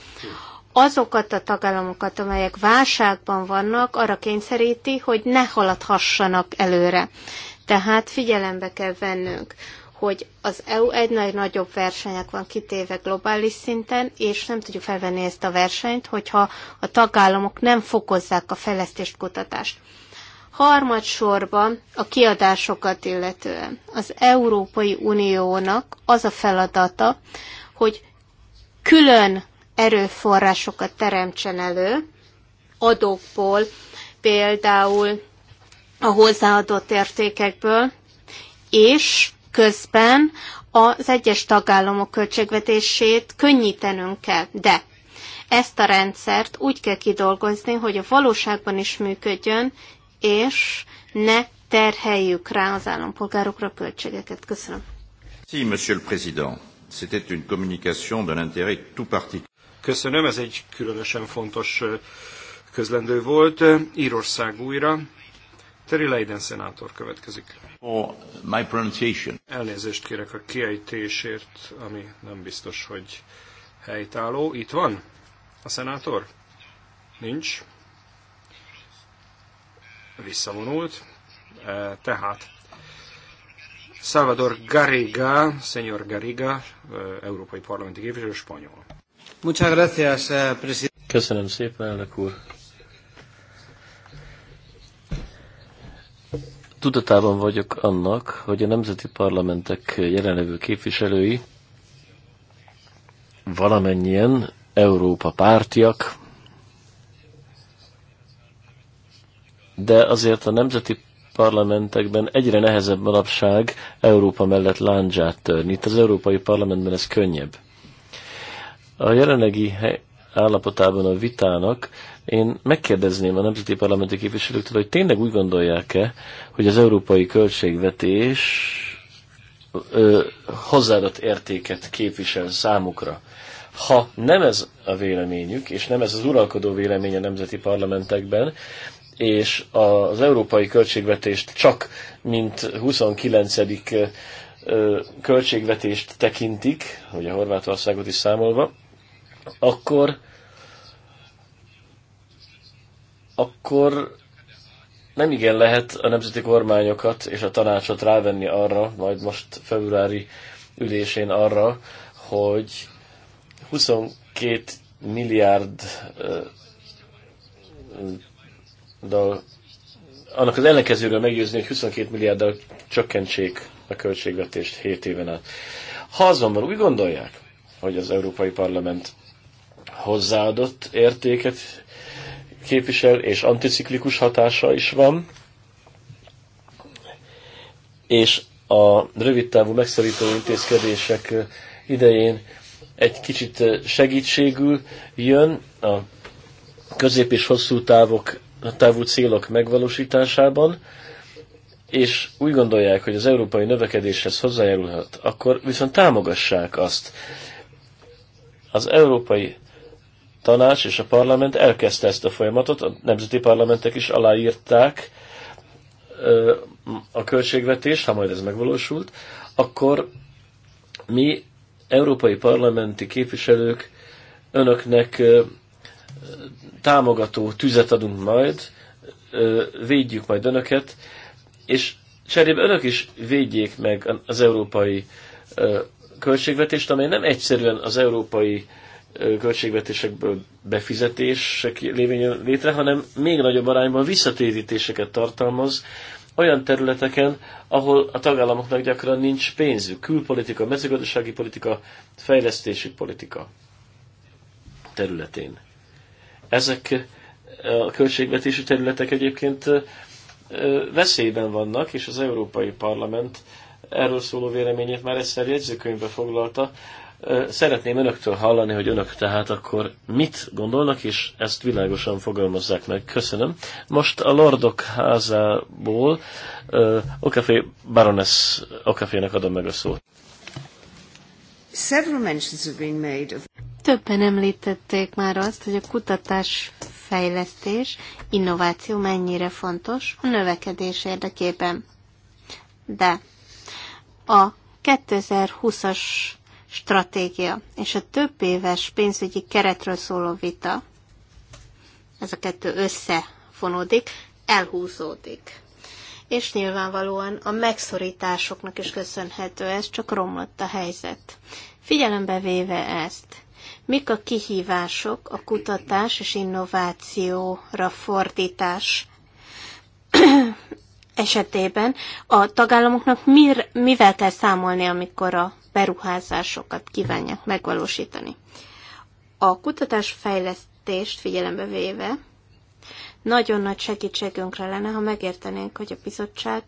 azokat a tagállamokat, amelyek válságban vannak, arra kényszeríti, hogy ne haladhassanak előre. Tehát figyelembe kell vennünk, hogy az EU egy nagyobb versenyek van kitéve globális szinten, és nem tudjuk felvenni ezt a versenyt, hogyha a tagállamok nem fokozzák a fejlesztést, kutatást. Harmadsorban a kiadásokat illetően az Európai Uniónak az a feladata, hogy külön erőforrásokat teremtsen elő, adókból, például a hozzáadott értékekből, és közben az egyes tagállamok költségvetését könnyítenünk kell. De ezt a rendszert úgy kell kidolgozni, hogy a valóságban is működjön, és ne terheljük rá az állampolgárokra költségeket. Köszönöm. Sí, monsieur le président. C'était une communication d'un intérêt tout particulier. Köszönöm, ez egy különösen fontos közlendő volt. Írország újra. Terry Leiden szenátor következik. Oh, my pronunciation. Elnézést kérek a kiejtésért, ami nem biztos, hogy helytálló. Itt van a szenátor? Nincs. Visszavonult. E, tehát Salvador Garriga, señor Garriga, e, európai parlamenti képviselő, spanyol. Muchas gracias, eh, presidente. Köszönöm szépen, elnök úr. Tudatában vagyok annak, hogy a nemzeti parlamentek jelenlevő képviselői valamennyien Európa pártiak, de azért a nemzeti parlamentekben egyre nehezebb manapság Európa mellett lándzsát törni. Itt az Európai Parlamentben ez könnyebb. A jelenlegi állapotában a vitának én megkérdezném a nemzeti parlamenti képviselőktől, hogy tényleg úgy gondolják-e, hogy az európai költségvetés ö, hozzáadott értéket képvisel számukra. Ha nem ez a véleményük, és nem ez az uralkodó vélemény a nemzeti parlamentekben, és az európai költségvetést csak mint 29. költségvetést tekintik, ugye Horvátországot is számolva, akkor akkor nem igen lehet a nemzeti kormányokat és a tanácsot rávenni arra, majd most februári ülésén arra, hogy 22 milliárd dal, annak az ellenkezőről meggyőzni, hogy 22 milliárddal csökkentsék a költségvetést 7 éven át. Ha azonban úgy gondolják, hogy az Európai Parlament hozzáadott értéket képvisel, és anticiklikus hatása is van, és a távú megszorító intézkedések idején egy kicsit segítségül jön a közép és hosszú távok, távú célok megvalósításában, és úgy gondolják, hogy az európai növekedéshez hozzájárulhat, akkor viszont támogassák azt. Az európai tanács és a parlament elkezdte ezt a folyamatot, a nemzeti parlamentek is aláírták a költségvetést, ha majd ez megvalósult, akkor mi európai parlamenti képviselők önöknek támogató tüzet adunk majd, védjük majd önöket, és cserébe önök is védjék meg az európai költségvetést, amely nem egyszerűen az európai költségvetésekből befizetések lévén jön létre, hanem még nagyobb arányban visszatérítéseket tartalmaz olyan területeken, ahol a tagállamoknak gyakran nincs pénzük. Külpolitika, mezőgazdasági politika, fejlesztési politika területén. Ezek a költségvetési területek egyébként veszélyben vannak, és az Európai Parlament erről szóló véleményét már egyszer jegyzőkönyvbe foglalta, Szeretném önöktől hallani, hogy önök tehát akkor mit gondolnak, és ezt világosan fogalmazzák meg. Köszönöm. Most a Lordok házából Okafé Baroness Okafének adom meg a szót. Többen említették már azt, hogy a kutatás fejlesztés, innováció mennyire fontos a növekedés érdekében. De a 2020-as stratégia és a több éves pénzügyi keretről szóló vita, ez a kettő összefonódik, elhúzódik. És nyilvánvalóan a megszorításoknak is köszönhető ez, csak romlott a helyzet. Figyelembe véve ezt, mik a kihívások a kutatás és innovációra fordítás esetében a tagállamoknak mir, mivel kell számolni, amikor a beruházásokat kívánják megvalósítani. A kutatás fejlesztést figyelembe véve nagyon nagy segítségünkre lenne, ha megértenénk, hogy a bizottság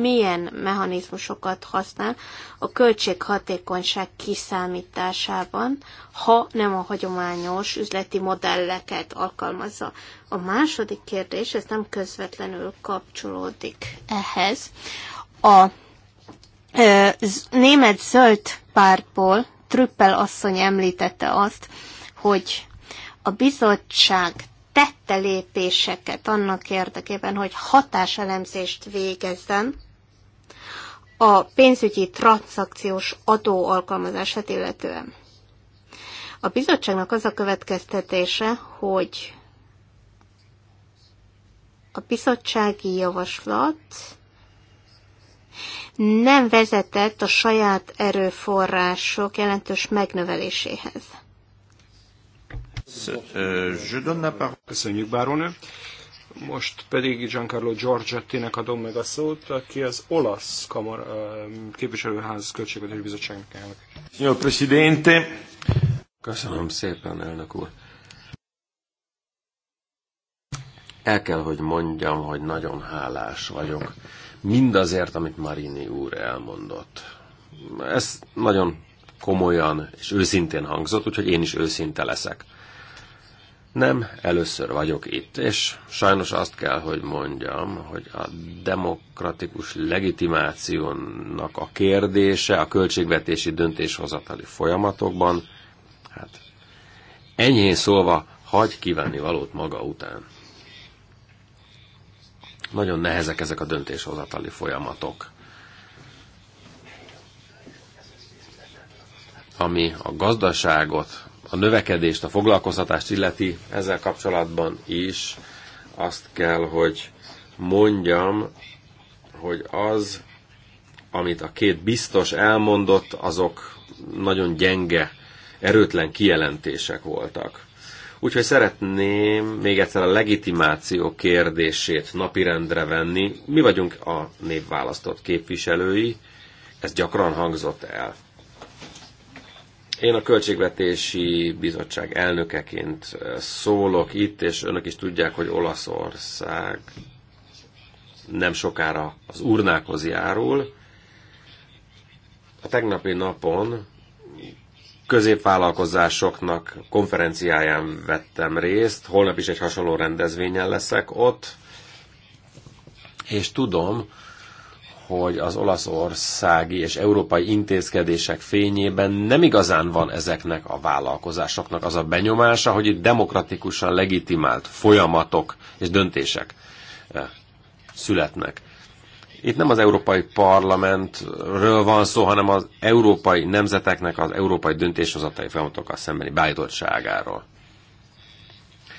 milyen mechanizmusokat használ a költséghatékonyság kiszámításában, ha nem a hagyományos üzleti modelleket alkalmazza. A második kérdés, ez nem közvetlenül kapcsolódik ehhez. A német zöld pártból Trüppel asszony említette azt, hogy a bizottság tette lépéseket annak érdekében, hogy hatáselemzést végezzen a pénzügyi transzakciós adó alkalmazását illetően. A bizottságnak az a következtetése, hogy a bizottsági javaslat nem vezetett a saját erőforrások jelentős megnöveléséhez. Uh, Köszönjük, bárónő. Most pedig Giancarlo Giorgetti-nek adom meg a szót, aki az olasz kamar, uh, képviselőház költségvetési bizottságnak elnök. Signor Presidente. Köszönöm szépen, elnök úr. El kell, hogy mondjam, hogy nagyon hálás vagyok mindazért, amit Marini úr elmondott. Ez nagyon komolyan és őszintén hangzott, úgyhogy én is őszinte leszek. Nem, először vagyok itt, és sajnos azt kell, hogy mondjam, hogy a demokratikus legitimációnak a kérdése a költségvetési döntéshozatali folyamatokban, hát enyhén szólva, hagy kívánni valót maga után. Nagyon nehezek ezek a döntéshozatali folyamatok. Ami a gazdaságot, a növekedést, a foglalkoztatást illeti, ezzel kapcsolatban is azt kell, hogy mondjam, hogy az, amit a két biztos elmondott, azok nagyon gyenge, erőtlen kijelentések voltak. Úgyhogy szeretném még egyszer a legitimáció kérdését napirendre venni. Mi vagyunk a népválasztott képviselői, ez gyakran hangzott el. Én a Költségvetési Bizottság elnökeként szólok itt, és önök is tudják, hogy Olaszország nem sokára az urnákhoz járul. A tegnapi napon középvállalkozásoknak konferenciáján vettem részt, holnap is egy hasonló rendezvényen leszek ott, és tudom, hogy az olaszországi és európai intézkedések fényében nem igazán van ezeknek a vállalkozásoknak az a benyomása, hogy itt demokratikusan legitimált folyamatok és döntések eh, születnek. Itt nem az Európai Parlamentről van szó, hanem az európai nemzeteknek az európai döntéshozatai folyamatokkal szembeni bájtottságáról.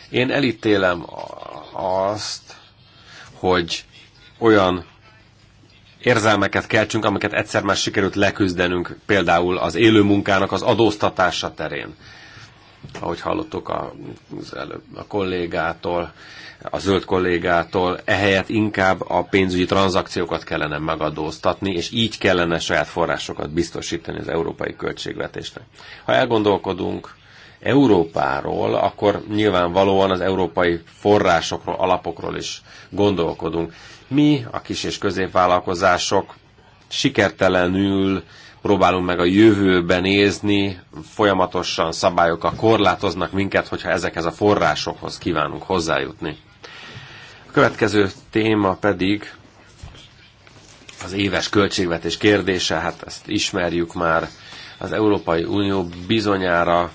Én elítélem azt, hogy olyan érzelmeket keltsünk, amiket egyszer már sikerült leküzdenünk, például az élő munkának az adóztatása terén ahogy hallottuk az előbb a kollégától, a zöld kollégától, ehelyett inkább a pénzügyi tranzakciókat kellene megadóztatni, és így kellene saját forrásokat biztosítani az európai költségvetésnek. Ha elgondolkodunk Európáról, akkor nyilvánvalóan az európai forrásokról, alapokról is gondolkodunk. Mi, a kis és középvállalkozások sikertelenül próbálunk meg a jövőbe nézni, folyamatosan szabályokkal korlátoznak minket, hogyha ezekhez a forrásokhoz kívánunk hozzájutni. A következő téma pedig az éves költségvetés kérdése, hát ezt ismerjük már, az Európai Unió bizonyára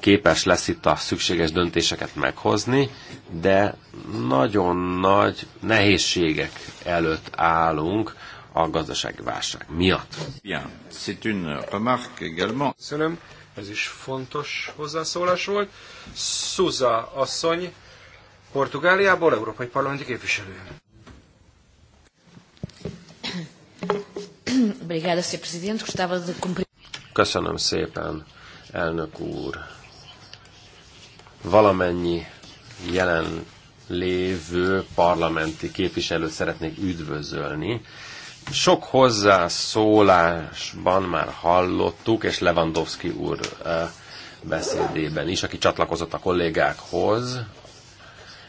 képes lesz itt a szükséges döntéseket meghozni, de nagyon nagy nehézségek előtt állunk a gazdasági válság miatt. Köszönöm, ez is fontos hozzászólás volt. Suza asszony, Portugáliából, Európai Parlamenti képviselő. Köszönöm szépen, elnök úr. Valamennyi jelen lévő parlamenti képviselőt szeretnék üdvözölni, sok hozzászólásban már hallottuk, és Lewandowski úr beszédében is, aki csatlakozott a kollégákhoz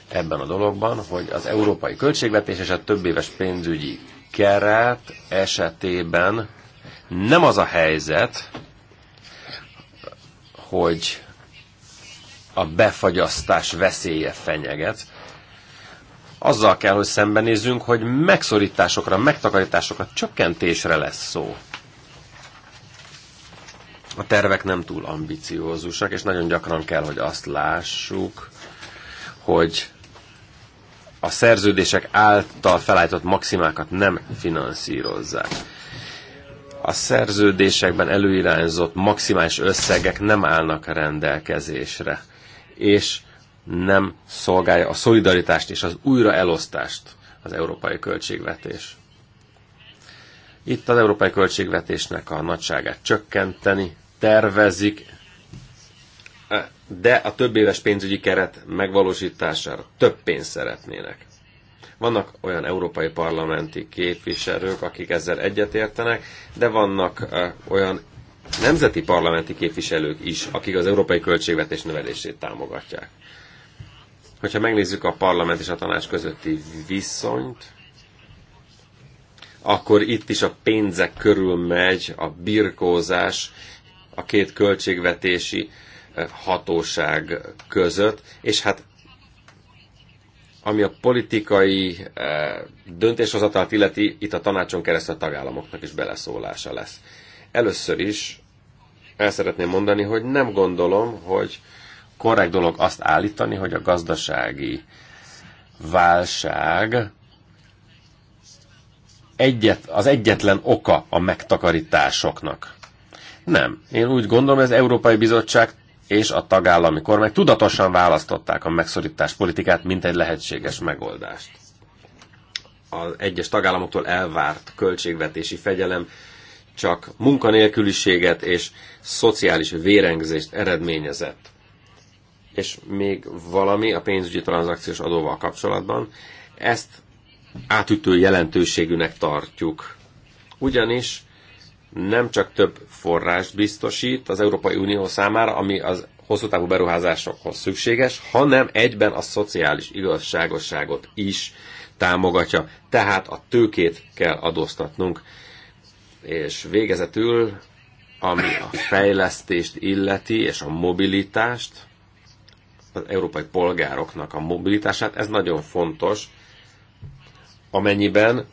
ebben a dologban, hogy az európai költségvetés és a több éves pénzügyi keret esetében nem az a helyzet, hogy a befagyasztás veszélye fenyeget, azzal kell, hogy szembenézzünk, hogy megszorításokra, megtakarításokra, csökkentésre lesz szó. A tervek nem túl ambiciózusak, és nagyon gyakran kell, hogy azt lássuk, hogy a szerződések által felállított maximákat nem finanszírozzák. A szerződésekben előirányzott maximális összegek nem állnak rendelkezésre, és nem szolgálja a szolidaritást és az újraelosztást az európai költségvetés. Itt az európai költségvetésnek a nagyságát csökkenteni tervezik, de a több éves pénzügyi keret megvalósítására több pénzt szeretnének. Vannak olyan európai parlamenti képviselők, akik ezzel egyetértenek, de vannak olyan nemzeti parlamenti képviselők is, akik az európai költségvetés növelését támogatják. Hogyha megnézzük a parlament és a tanács közötti viszonyt, akkor itt is a pénzek körül megy a birkózás a két költségvetési eh, hatóság között, és hát ami a politikai eh, döntéshozatalt illeti, itt a tanácson keresztül a tagállamoknak is beleszólása lesz. Először is el szeretném mondani, hogy nem gondolom, hogy korrekt dolog azt állítani, hogy a gazdasági válság egyet, az egyetlen oka a megtakarításoknak. Nem. Én úgy gondolom, ez Európai Bizottság és a tagállami kormány tudatosan választották a megszorítás politikát, mint egy lehetséges megoldást. Az egyes tagállamoktól elvárt költségvetési fegyelem csak munkanélküliséget és szociális vérengzést eredményezett és még valami a pénzügyi tranzakciós adóval kapcsolatban. Ezt átütő jelentőségűnek tartjuk. Ugyanis nem csak több forrást biztosít az Európai Unió számára, ami az hosszú távú beruházásokhoz szükséges, hanem egyben a szociális igazságosságot is támogatja. Tehát a tőkét kell adóztatnunk. És végezetül, ami a fejlesztést illeti, és a mobilitást, az európai polgároknak a mobilitását. Ez nagyon fontos, amennyiben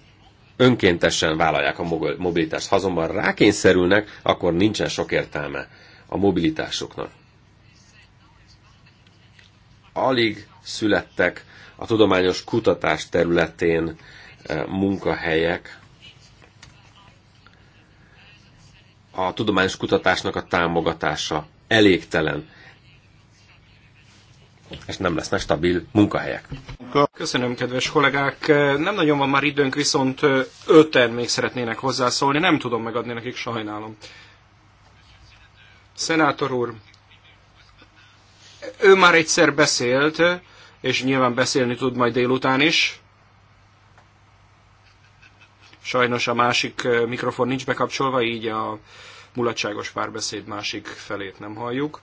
önkéntesen vállalják a mobilitást. Ha azonban rákényszerülnek, akkor nincsen sok értelme a mobilitásoknak. Alig születtek a tudományos kutatás területén eh, munkahelyek, a tudományos kutatásnak a támogatása elégtelen és nem lesznek stabil munkahelyek. Köszönöm, kedves kollégák. Nem nagyon van már időnk, viszont öten még szeretnének hozzászólni. Nem tudom megadni nekik, sajnálom. Szenátor úr, ő már egyszer beszélt, és nyilván beszélni tud majd délután is. Sajnos a másik mikrofon nincs bekapcsolva, így a mulatságos párbeszéd másik felét nem halljuk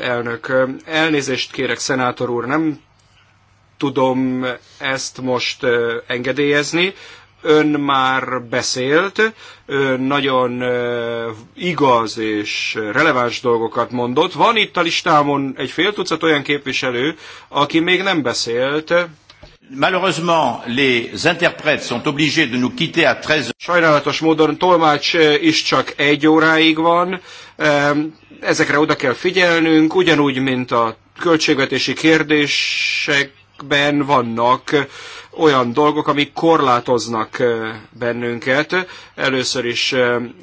elnök. Elnézést kérek, szenátor úr, nem tudom ezt most engedélyezni. Ön már beszélt, ön nagyon igaz és releváns dolgokat mondott. Van itt a listámon egy fél tucat olyan képviselő, aki még nem beszélt. Malheureusement, les interprètes sont obligés de nous quitter à 13 Sajnálatos módon tolmács eh, is csak egy óráig van, ezekre oda kell figyelnünk, ugyanúgy, mint a költségvetési kérdésekben vannak eh, olyan dolgok, amik korlátoznak eh, bennünket. Először is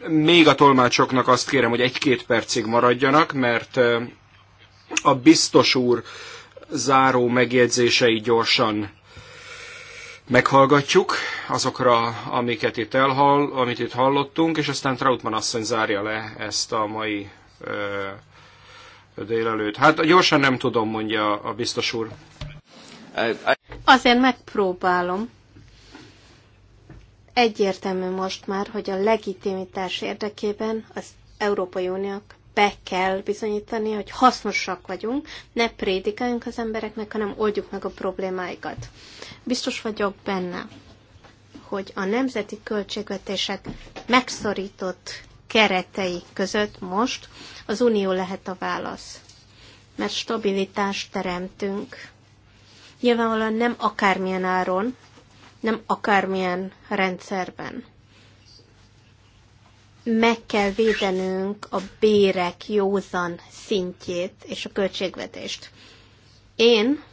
még a tolmácsoknak azt kérem, hogy egy-két percig maradjanak, mert a biztos úr záró megjegyzései gyorsan meghallgatjuk azokra, amiket itt elhall, amit itt hallottunk, és aztán Trautmann asszony zárja le ezt a mai ö, délelőtt. Hát gyorsan nem tudom, mondja a biztos úr. Azért megpróbálom. Egyértelmű most már, hogy a legitimitás érdekében az Európai Uniók be kell bizonyítani, hogy hasznosak vagyunk, ne prédikáljunk az embereknek, hanem oldjuk meg a problémáikat. Biztos vagyok benne, hogy a nemzeti költségvetések megszorított keretei között most az unió lehet a válasz. Mert stabilitást teremtünk. Nyilvánvalóan nem akármilyen áron, nem akármilyen rendszerben. Meg kell védenünk a bérek józan szintjét és a költségvetést. Én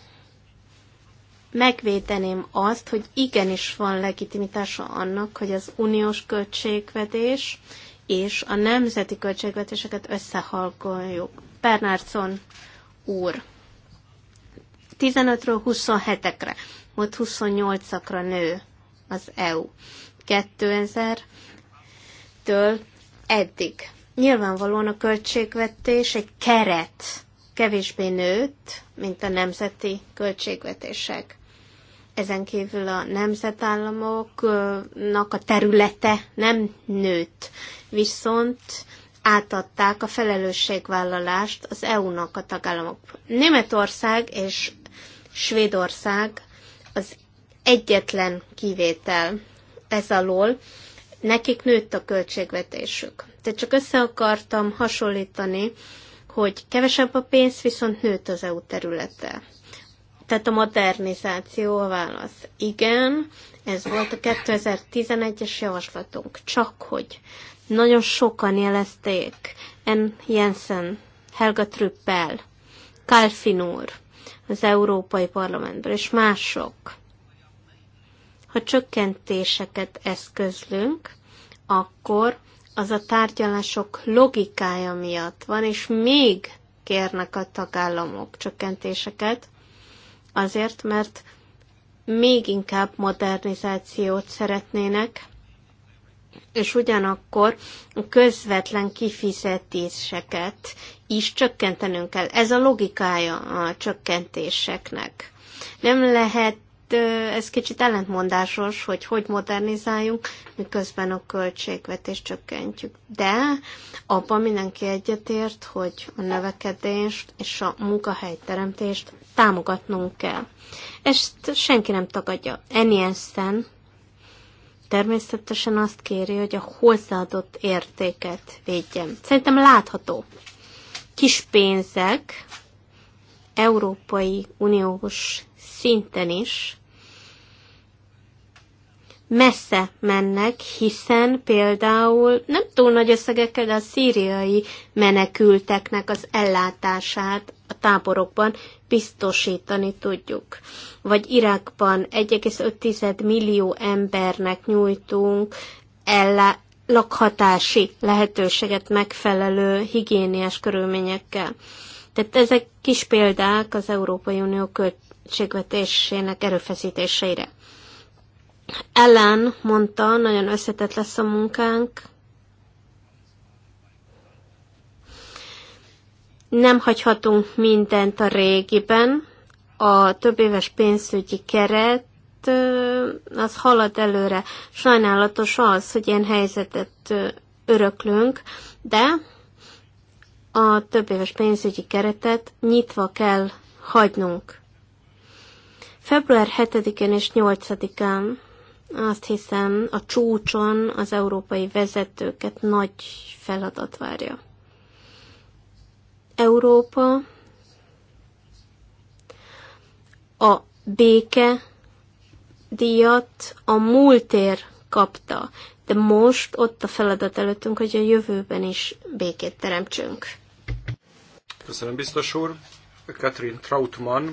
megvédeném azt, hogy igenis van legitimitása annak, hogy az uniós költségvetés és a nemzeti költségvetéseket összehangoljuk. Bernárcon úr, 15-ről 27-ekre, most 28-akra nő az EU. 2000-től eddig. Nyilvánvalóan a költségvetés egy keret kevésbé nőtt, mint a nemzeti költségvetések ezen kívül a nemzetállamoknak a területe nem nőtt, viszont átadták a felelősségvállalást az EU-nak a tagállamok. Németország és Svédország az egyetlen kivétel ez alól, nekik nőtt a költségvetésük. De csak össze akartam hasonlítani, hogy kevesebb a pénz, viszont nőtt az EU területe. Tehát a modernizáció a válasz. Igen, ez volt a 2011-es javaslatunk. Csak hogy nagyon sokan jelezték, En Jensen, Helga Trüppel, Kalfinur az Európai Parlamentből, és mások. Ha csökkentéseket eszközlünk, akkor az a tárgyalások logikája miatt van, és még kérnek a tagállamok csökkentéseket, Azért, mert még inkább modernizációt szeretnének, és ugyanakkor a közvetlen kifizetéseket is csökkentenünk kell. Ez a logikája a csökkentéseknek. Nem lehet, ez kicsit ellentmondásos, hogy hogy modernizáljunk, miközben a költségvetést csökkentjük. De abban mindenki egyetért, hogy a növekedést és a munkahelyteremtést támogatnunk kell. Ezt senki nem tagadja. Enienszen természetesen azt kéri, hogy a hozzáadott értéket védjem. Szerintem látható. Kis pénzek Európai Uniós szinten is messze mennek, hiszen például nem túl nagy összegekkel, de a szíriai menekülteknek az ellátását a táborokban biztosítani tudjuk. Vagy Irakban 1,5 millió embernek nyújtunk ellá, lakhatási lehetőséget megfelelő higiéniás körülményekkel. Tehát ezek kis példák az Európai Unió költségvetésének erőfeszítéseire. Ellen mondta, nagyon összetett lesz a munkánk, Nem hagyhatunk mindent a régiben. A több éves pénzügyi keret az halad előre. Sajnálatos az, hogy ilyen helyzetet öröklünk, de a több éves pénzügyi keretet nyitva kell hagynunk. Február 7-én és 8-án azt hiszem a csúcson az európai vezetőket nagy feladat várja. Európa a béke díjat a múltér kapta, de most ott a feladat előttünk, hogy a jövőben is békét teremtsünk. Köszönöm, biztos úr. Katrin Trautmann,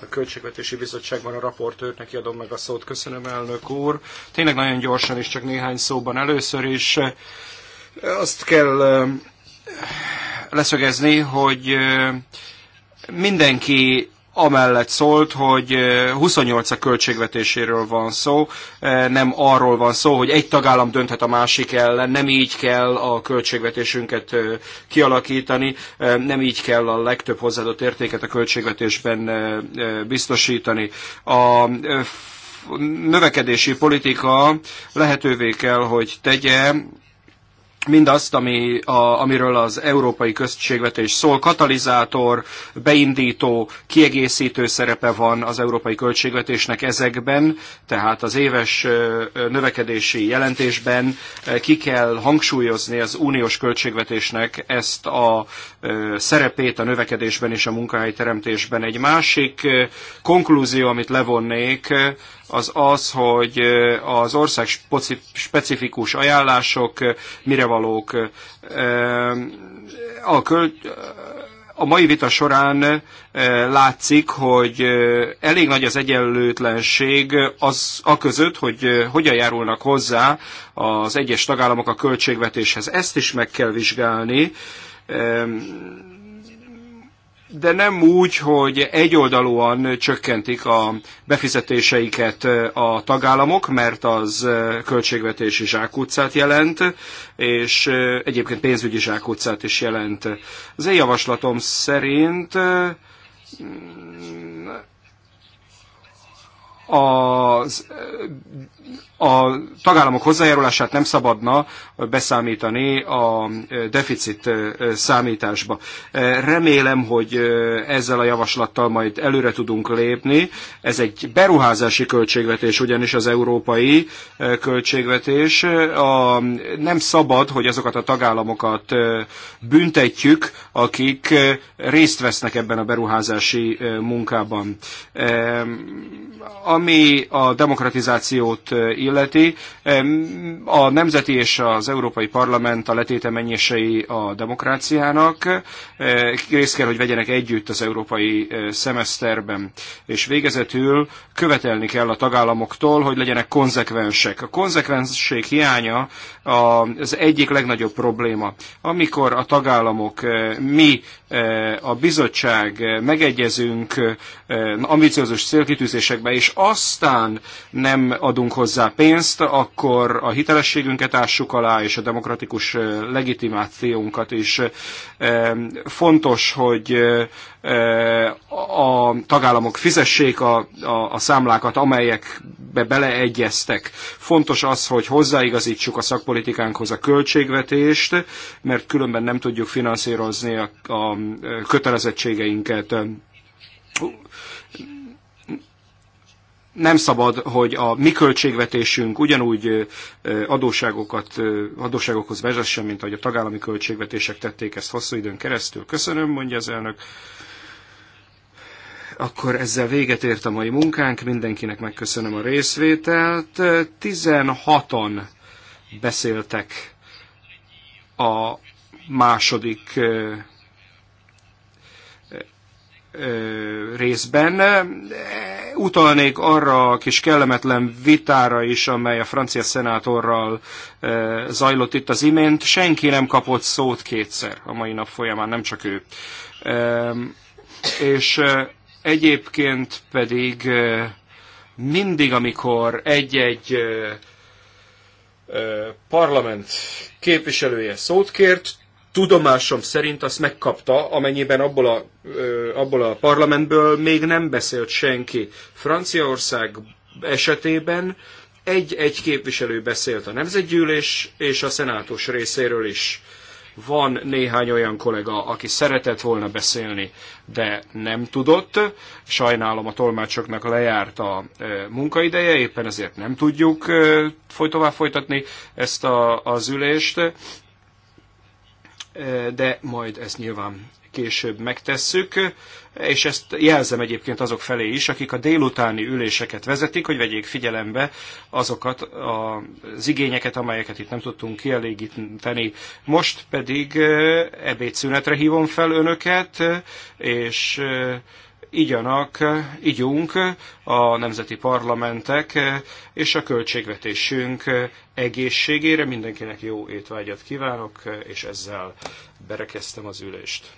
a Költségvetési Bizottságban a raportőr, neki adom meg a szót. Köszönöm, elnök úr. Tényleg nagyon gyorsan és csak néhány szóban először is. Eh, azt kell eh, leszögezni, hogy mindenki amellett szólt, hogy 28 a költségvetéséről van szó, nem arról van szó, hogy egy tagállam dönthet a másik ellen, nem így kell a költségvetésünket kialakítani, nem így kell a legtöbb hozzáadott értéket a költségvetésben biztosítani. A növekedési politika lehetővé kell, hogy tegye mindazt, ami, a, amiről az európai költségvetés szól. Katalizátor, beindító, kiegészítő szerepe van az európai költségvetésnek ezekben, tehát az éves növekedési jelentésben ki kell hangsúlyozni az uniós költségvetésnek ezt a szerepét a növekedésben és a munkahelyteremtésben. Egy másik konklúzió, amit levonnék, az az, hogy az ország specifikus ajánlások mire valók. A költ a mai vita során látszik, hogy elég nagy az egyenlőtlenség az a között, hogy hogyan járulnak hozzá az egyes tagállamok a költségvetéshez. Ezt is meg kell vizsgálni, de nem úgy, hogy egyoldalúan csökkentik a befizetéseiket eh, a tagállamok, mert az eh, költségvetési zsákutcát jelent, és eh, egyébként pénzügyi zsákutcát is jelent. Az én javaslatom szerint az a tagállamok hozzájárulását nem szabadna beszámítani a deficit számításba. Remélem, hogy ezzel a javaslattal majd előre tudunk lépni. Ez egy beruházási költségvetés, ugyanis az európai költségvetés. A, nem szabad, hogy azokat a tagállamokat büntetjük, akik részt vesznek ebben a beruházási munkában. Ami a demokratizációt illeti, illeti, a nemzeti és az európai parlament a letétemennyesei a demokráciának, részt kell, hogy vegyenek együtt az európai szemeszterben, és végezetül követelni kell a tagállamoktól, hogy legyenek konzekvensek. A konzekvensség hiánya az egyik legnagyobb probléma. Amikor a tagállamok, mi, a bizottság megegyezünk ambiciózus célkitűzésekbe, és aztán nem adunk hozzá pénzt, akkor a hitelességünket ássuk alá, és a demokratikus eh, legitimációnkat is. Eh, fontos, hogy eh, a tagállamok fizessék a, a, a számlákat, amelyekbe beleegyeztek. Fontos az, hogy hozzáigazítsuk a szakpolitikánkhoz a költségvetést, mert különben nem tudjuk finanszírozni a, a kötelezettségeinket nem szabad, hogy a mi költségvetésünk ugyanúgy adóságokat, adóságokhoz vezessen, mint ahogy a tagállami költségvetések tették ezt hosszú időn keresztül. Köszönöm, mondja az elnök. Akkor ezzel véget ért a mai munkánk, mindenkinek megköszönöm a részvételt. 16-an beszéltek a második részben. Utalnék arra a kis kellemetlen vitára is, amely a francia szenátorral zajlott itt az imént. Senki nem kapott szót kétszer a mai nap folyamán, nem csak ő. És egyébként pedig mindig, amikor egy-egy parlament képviselője szót kért, tudomásom szerint azt megkapta, amennyiben abból a, abból a parlamentből még nem beszélt senki. Franciaország esetében egy-egy képviselő beszélt a nemzetgyűlés és a szenátus részéről is. Van néhány olyan kollega, aki szeretett volna beszélni, de nem tudott. Sajnálom, a tolmácsoknak lejárt a munkaideje, éppen ezért nem tudjuk tovább folytatni ezt a, az ülést de majd ezt nyilván később megtesszük, és ezt jelzem egyébként azok felé is, akik a délutáni üléseket vezetik, hogy vegyék figyelembe azokat az igényeket, amelyeket itt nem tudtunk kielégíteni. Most pedig eh, ebédszünetre hívom fel önöket, és eh, igyanak, igyunk a nemzeti parlamentek és a költségvetésünk egészségére. Mindenkinek jó étvágyat kívánok, és ezzel berekeztem az ülést.